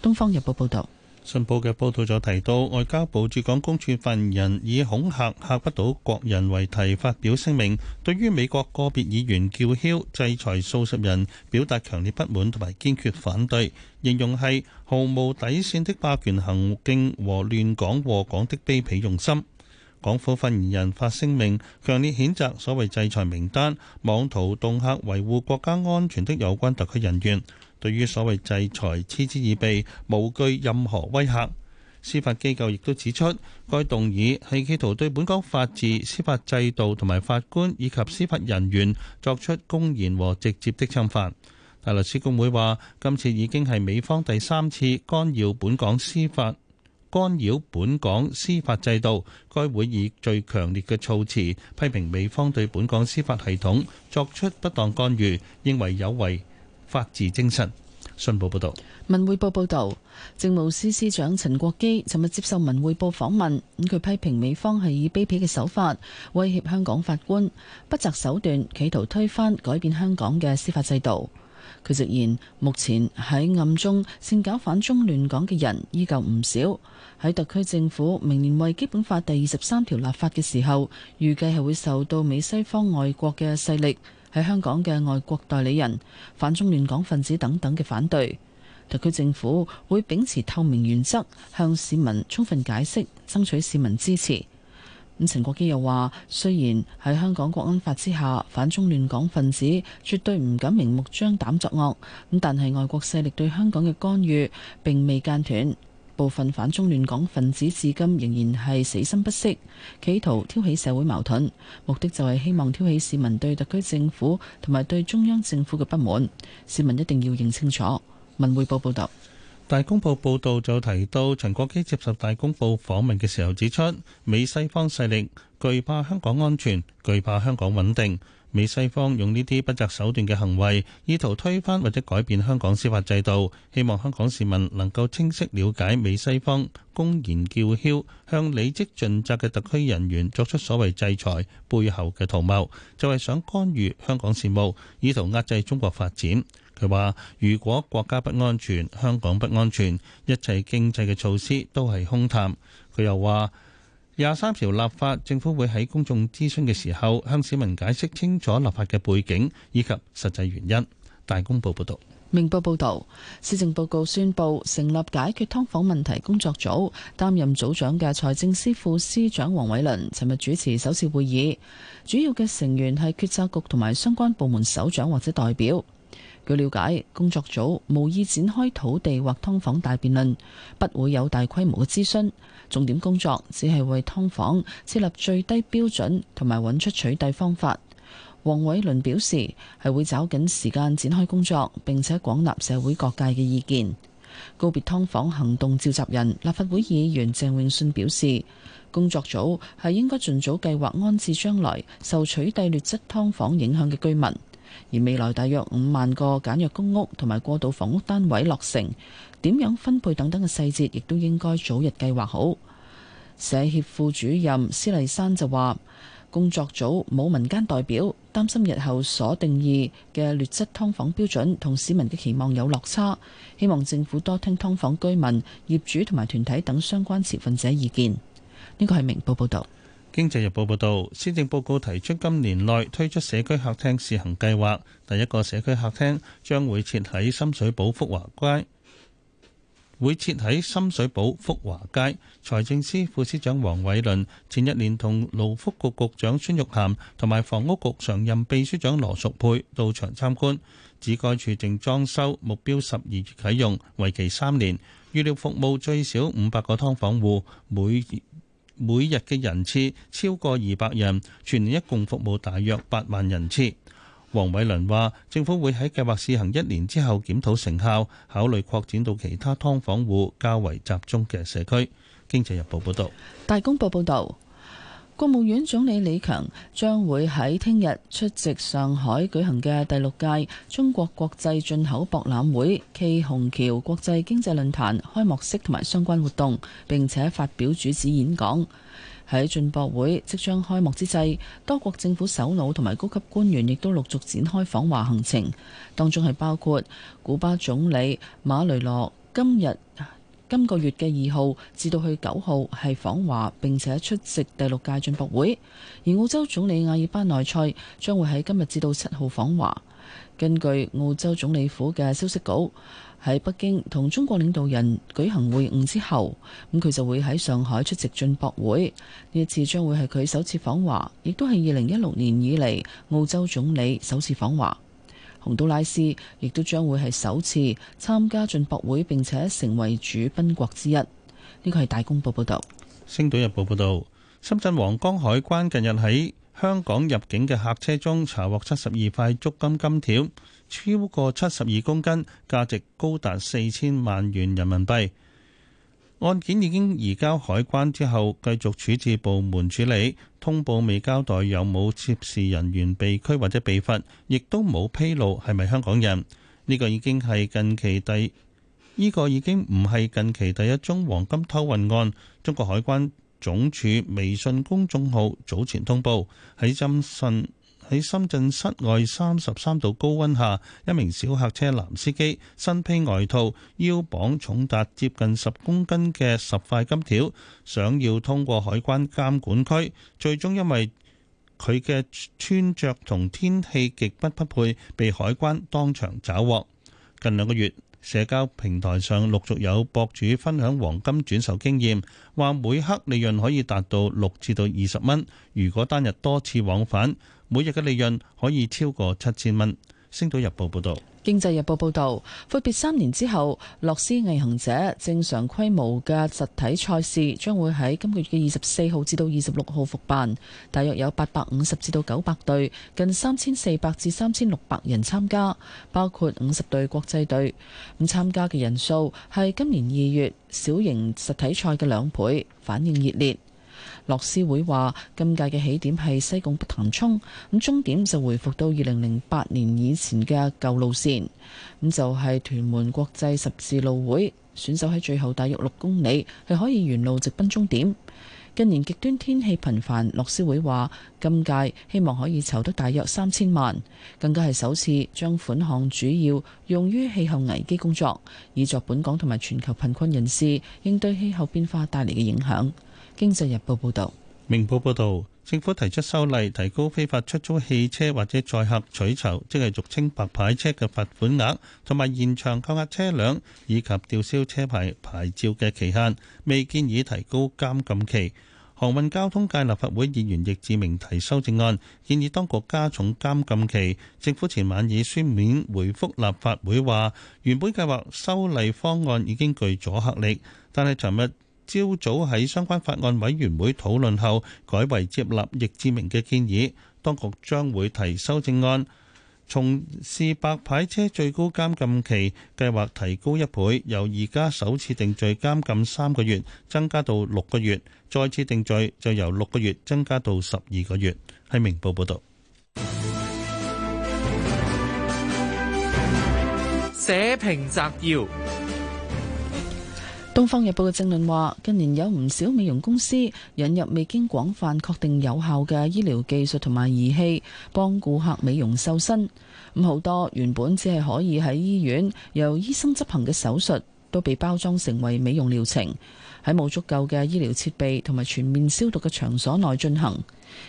《東方日報》報導。信報嘅報道就提到，外交部駐港公署發言人以恐嚇嚇不到國人為題發表聲明，對於美國個別議員叫囂制裁數十人，表達強烈不滿同埋堅決反對，形容係毫無底線的霸權行徑和亂港禍港的卑鄙用心。港府發言人發聲明，強烈譴責所謂制裁名單，妄圖恫嚇維護國家安全的有關特區人員。對於所謂制裁，嗤之以鼻，無懼任何威嚇。司法機構亦都指出，該動議係企圖對本港法治、司法制度同埋法官以及司法人員作出公然和直接的侵犯。大律師公會話，今次已經係美方第三次干擾本港司法，干擾本港司法制度。該會以最強烈嘅措辭批評美方對本港司法系統作出不當干預，認為有違法治精神。信報報導，文匯報報導，政務司司長陳國基尋日接受文匯報訪問，咁佢批評美方係以卑鄙嘅手法威脅香港法官，不擇手段，企圖推翻改變香港嘅司法制度。佢直言，目前喺暗中煽搞反中亂港嘅人依舊唔少，喺特區政府明年為基本法第二十三條立法嘅時候，預計係會受到美西方外國嘅勢力。喺香港嘅外國代理人、反中亂港分子等等嘅反對，特區政府會秉持透明原則，向市民充分解釋，爭取市民支持。咁陳國基又話，雖然喺香港國安法之下，反中亂港分子絕對唔敢明目張膽作惡，咁但係外國勢力對香港嘅干預並未間斷。部分反中亂港分子至今仍然係死心不息，企圖挑起社會矛盾，目的就係希望挑起市民對特區政府同埋對中央政府嘅不滿。市民一定要認清楚。文匯報報道，大公報報道就提到，陳國基接受大公報訪問嘅時候指出，美西方勢力懼怕香港安全，懼怕香港穩定。美西方用呢啲不擇手段嘅行為，意圖推翻或者改變香港司法制度，希望香港市民能夠清晰了解美西方公然叫囂向履職盡責嘅特區人員作出所謂制裁背後嘅圖謀，就係想干預香港事務，意圖壓制中國發展。佢話，如果國家不安全，香港不安全，一切經濟嘅措施都係空談，佢又話。廿三條立法，政府會喺公眾諮詢嘅時候向市民解釋清楚立法嘅背景以及實際原因。大公報報道，明報報道，施政報告宣布成立解決劏房問題工作組，擔任組長嘅財政司副司長黃偉綸尋日主持首次會議，主要嘅成員係決策局同埋相關部門首長或者代表。據了解，工作組無意展開土地或劏房大辯論，不會有大規模嘅諮詢。重點工作只係為劏房設立最低標準同埋揾出取締方法。黃偉綸表示，係會找緊時間展開工作，並且廣納社會各界嘅意見。告別劏房行動召集人立法會議員鄭泳舜表示，工作組係應該盡早計劃安置將來受取締劣質劏房影響嘅居民，而未來大約五萬個簡約公屋同埋過渡房屋單位落成。點樣分配等等嘅細節，亦都應該早日計劃好。社協副主任施麗珊就話：工作組冇民間代表，擔心日後所定義嘅劣質劏房標準同市民嘅期望有落差，希望政府多聽劏房居民、業主同埋團體等相關持份者意見。呢個係明報報導，《經濟日報》報導，施政報告提出今年內推出社區客廳試行計劃，第一個社區客廳將會設喺深水埗福華街。會設喺深水埗福華街。財政司副司長黃偉綸前一年同勞福局局長孫玉菡同埋房屋局常任秘書長羅淑佩到場參觀。指該處正裝修，目標十二月啟用，為期三年。預料服務最少五百個劏房戶，每每日嘅人次超過二百人，全年一共服務大約八萬人次。黃偉倫話：政府會喺計劃試行一年之後檢討成效，考慮擴展到其他劏房戶較為集中嘅社區。經濟日報報道，大公報報道，國務院總理李強將會喺聽日出席上海舉行嘅第六屆中國國際進口博覽會暨虹橋國際經濟論壇開幕式同埋相關活動，並且發表主旨演講。喺進博會即將開幕之際，多國政府首腦同埋高級官員亦都陸續展開訪華行程，當中係包括古巴總理馬雷羅今日今個月嘅二號至到去九號係訪華並且出席第六屆進博會，而澳洲總理阿爾巴內塞將會喺今日至到七號訪華。根據澳洲總理府嘅消息稿。喺北京同中國領導人舉行會晤之後，咁佢就會喺上海出席進博會。呢一次將會係佢首次訪華，亦都係二零一六年以嚟澳洲總理首次訪華。洪都拉斯亦都將會係首次參加進博會並且成為主賓國之一。呢個係大公報報道。《星島日報》報道，報報道深圳皇崗海關近日喺香港入境嘅客車中查獲七十二塊足金金條。超過七十二公斤，價值高達四千萬元人民幣。案件已經移交海關之後，繼續處置部門處理。通報未交代有冇涉事人員被拘或者被罰，亦都冇披露係咪香港人。呢、這個已經係近期第呢、這個已經唔係近期第一宗黃金偷運案。中國海關總署微信公眾號早前通報喺深信。喺深圳室外三十三度高溫下，一名小客車男司機身披外套，腰綁重達接近十公斤嘅十塊金條，想要通過海關監管區，最終因為佢嘅穿着同天氣極不匹配，被海關當場抓獲。近兩個月。社交平台上陸續有博主分享黃金轉售經驗，話每克利潤可以達到六至到二十蚊，如果單日多次往返，每日嘅利潤可以超過七千蚊。星島日報報導。經濟日報報導，闊別三年之後，樂施毅行者正常規模嘅實體賽事將會喺今個月嘅二十四號至到二十六號復辦，大約有八百五十至到九百隊，近三千四百至三千六百人參加，包括五十隊國際隊。咁、嗯、參加嘅人數係今年二月小型實體賽嘅兩倍，反應熱烈。樂施會話：今屆嘅起點係西貢北潭涌，咁終點就回復到二零零八年以前嘅舊路線，咁就係屯門國際十字路會。選手喺最後大約六公里係可以沿路直奔終點。近年極端天氣頻繁，樂施會話今屆希望可以籌得大約三千萬，更加係首次將款項主要用於氣候危機工作，以作本港同埋全球貧困人士應對氣候變化帶嚟嘅影響。《經濟日報》報導，《明報》報導，政府提出修例提高非法出租汽車或者載客取酬，即係俗稱白牌車嘅罰款額，同埋現場扣押車輛以及吊銷車牌牌照嘅期限。未建議提高監禁期。航運交通界立法會議員易志明提修正案，建議當局加重監禁期。政府前晚以書面回覆立法會話，原本計劃修例方案已經具阻嚇力，但係尋日朝早喺相關法案委員會討論後，改為接納易志明嘅建議，當局將會提修正案，從事白牌車最高監禁期計劃提高一倍，由而家首次定罪監禁三個月，增加到六個月；再次定罪就由六個月增加到十二個月。喺明報報道。社評摘要。《東方日報》嘅正論話：近年有唔少美容公司引入未經廣泛確定有效嘅醫療技術同埋儀器，幫顧客美容瘦身。咁好多原本只係可以喺醫院由醫生執行嘅手術，都被包裝成為美容療程，喺冇足夠嘅醫療設備同埋全面消毒嘅場所內進行。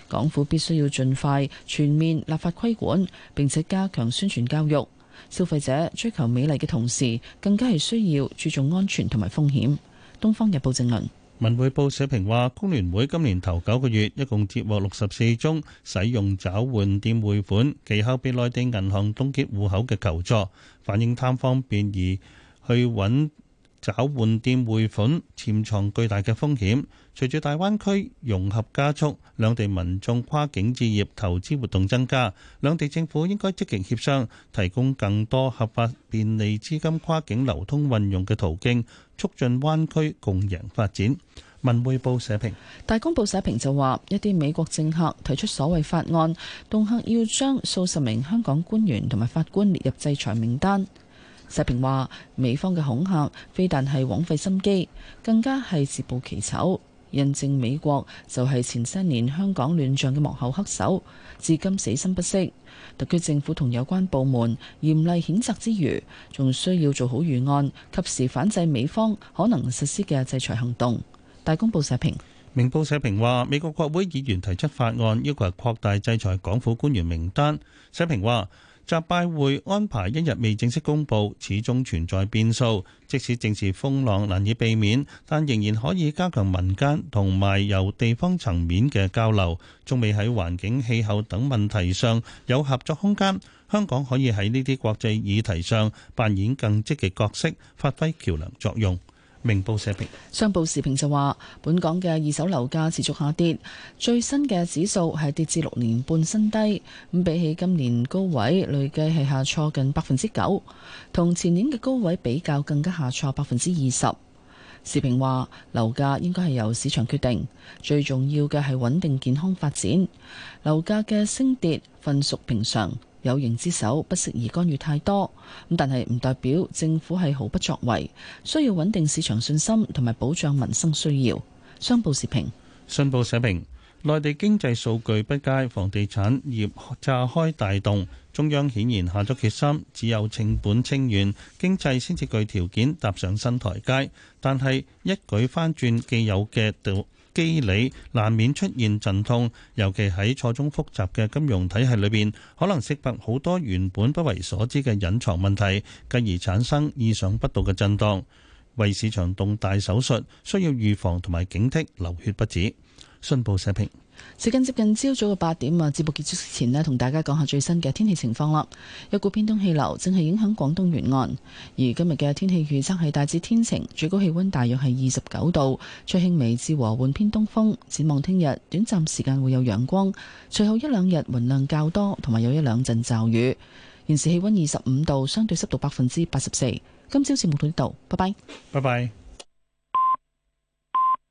港府必須要盡快全面立法規管，並且加強宣傳教育。消費者追求美麗嘅同時，更加係需要注重安全同埋風險。《東方日報》正論。《文匯報》社評話，工聯會今年頭九個月一共接獲六十四宗使用找換店匯款技巧被內地銀行凍結戶口嘅求助，反映貪方便以去揾。找換店匯款潛藏巨大嘅風險。隨住大灣區融合加速，兩地民眾跨境置業投資活動增加，兩地政府應該積極協商，提供更多合法便利資金跨境流通運用嘅途徑，促進灣區共贏發展。文匯報社評。大公報社評就話：一啲美國政客提出所謂法案，動輒要將數十名香港官員同埋法官列入制裁名單。社評話美方嘅恐嚇非但係枉費心機，更加係自暴其醜，印證美國就係前些年香港亂象嘅幕後黑手，至今死心不息。特區政府同有關部門嚴厲譴責之餘，仲需要做好預案，及時反制美方可能實施嘅制裁行動。大公報社評。明報社評話美國國會議員提出法案，要求擴大制裁港府官員名單。社評話。集拜會安排一日未正式公布，始終存在變數。即使政治風浪難以避免，但仍然可以加強民間同埋由地方層面嘅交流，仲未喺環境、氣候等問題上有合作空間。香港可以喺呢啲國際議題上扮演更積極角色，發揮橋梁作用。明報社評商報時評就話，本港嘅二手樓價持續下跌，最新嘅指數係跌至六年半新低。咁比起今年高位，累計係下挫近百分之九，同前年嘅高位比較，更加下挫百分之二十。時評話，樓價應該係由市場決定，最重要嘅係穩定健康發展，樓價嘅升跌分屬平常。有形之手不適宜干預太多，咁但係唔代表政府係毫不作為，需要穩定市場信心同埋保障民生需要。商報時評，信報社評。內地經濟數據不佳，房地產業炸開大洞，中央顯然下咗決心，只有正本清源，經濟先至具條件踏上新台階，但係一舉翻轉既有嘅道機理難免出現陣痛，尤其喺錯綜複雜嘅金融體系裏邊，可能識白好多原本不為所知嘅隱藏問題，繼而產生意想不到嘅震盪，為市場動大手術，需要預防同埋警惕流血不止。信報社評。時間接近朝早嘅八點啊，節目結束之前呢，同大家講下最新嘅天氣情況啦。一股偏東氣流正係影響廣東沿岸，而今日嘅天氣預測係大致天晴，最高氣温大約係二十九度，吹輕微至和緩偏東風。展望聽日，短暫時間會有陽光，隨後一兩日雲量較多，同埋有一兩陣驟雨。現時氣温二十五度，相對濕度百分之八十四。今朝節目到呢度，拜拜，拜拜。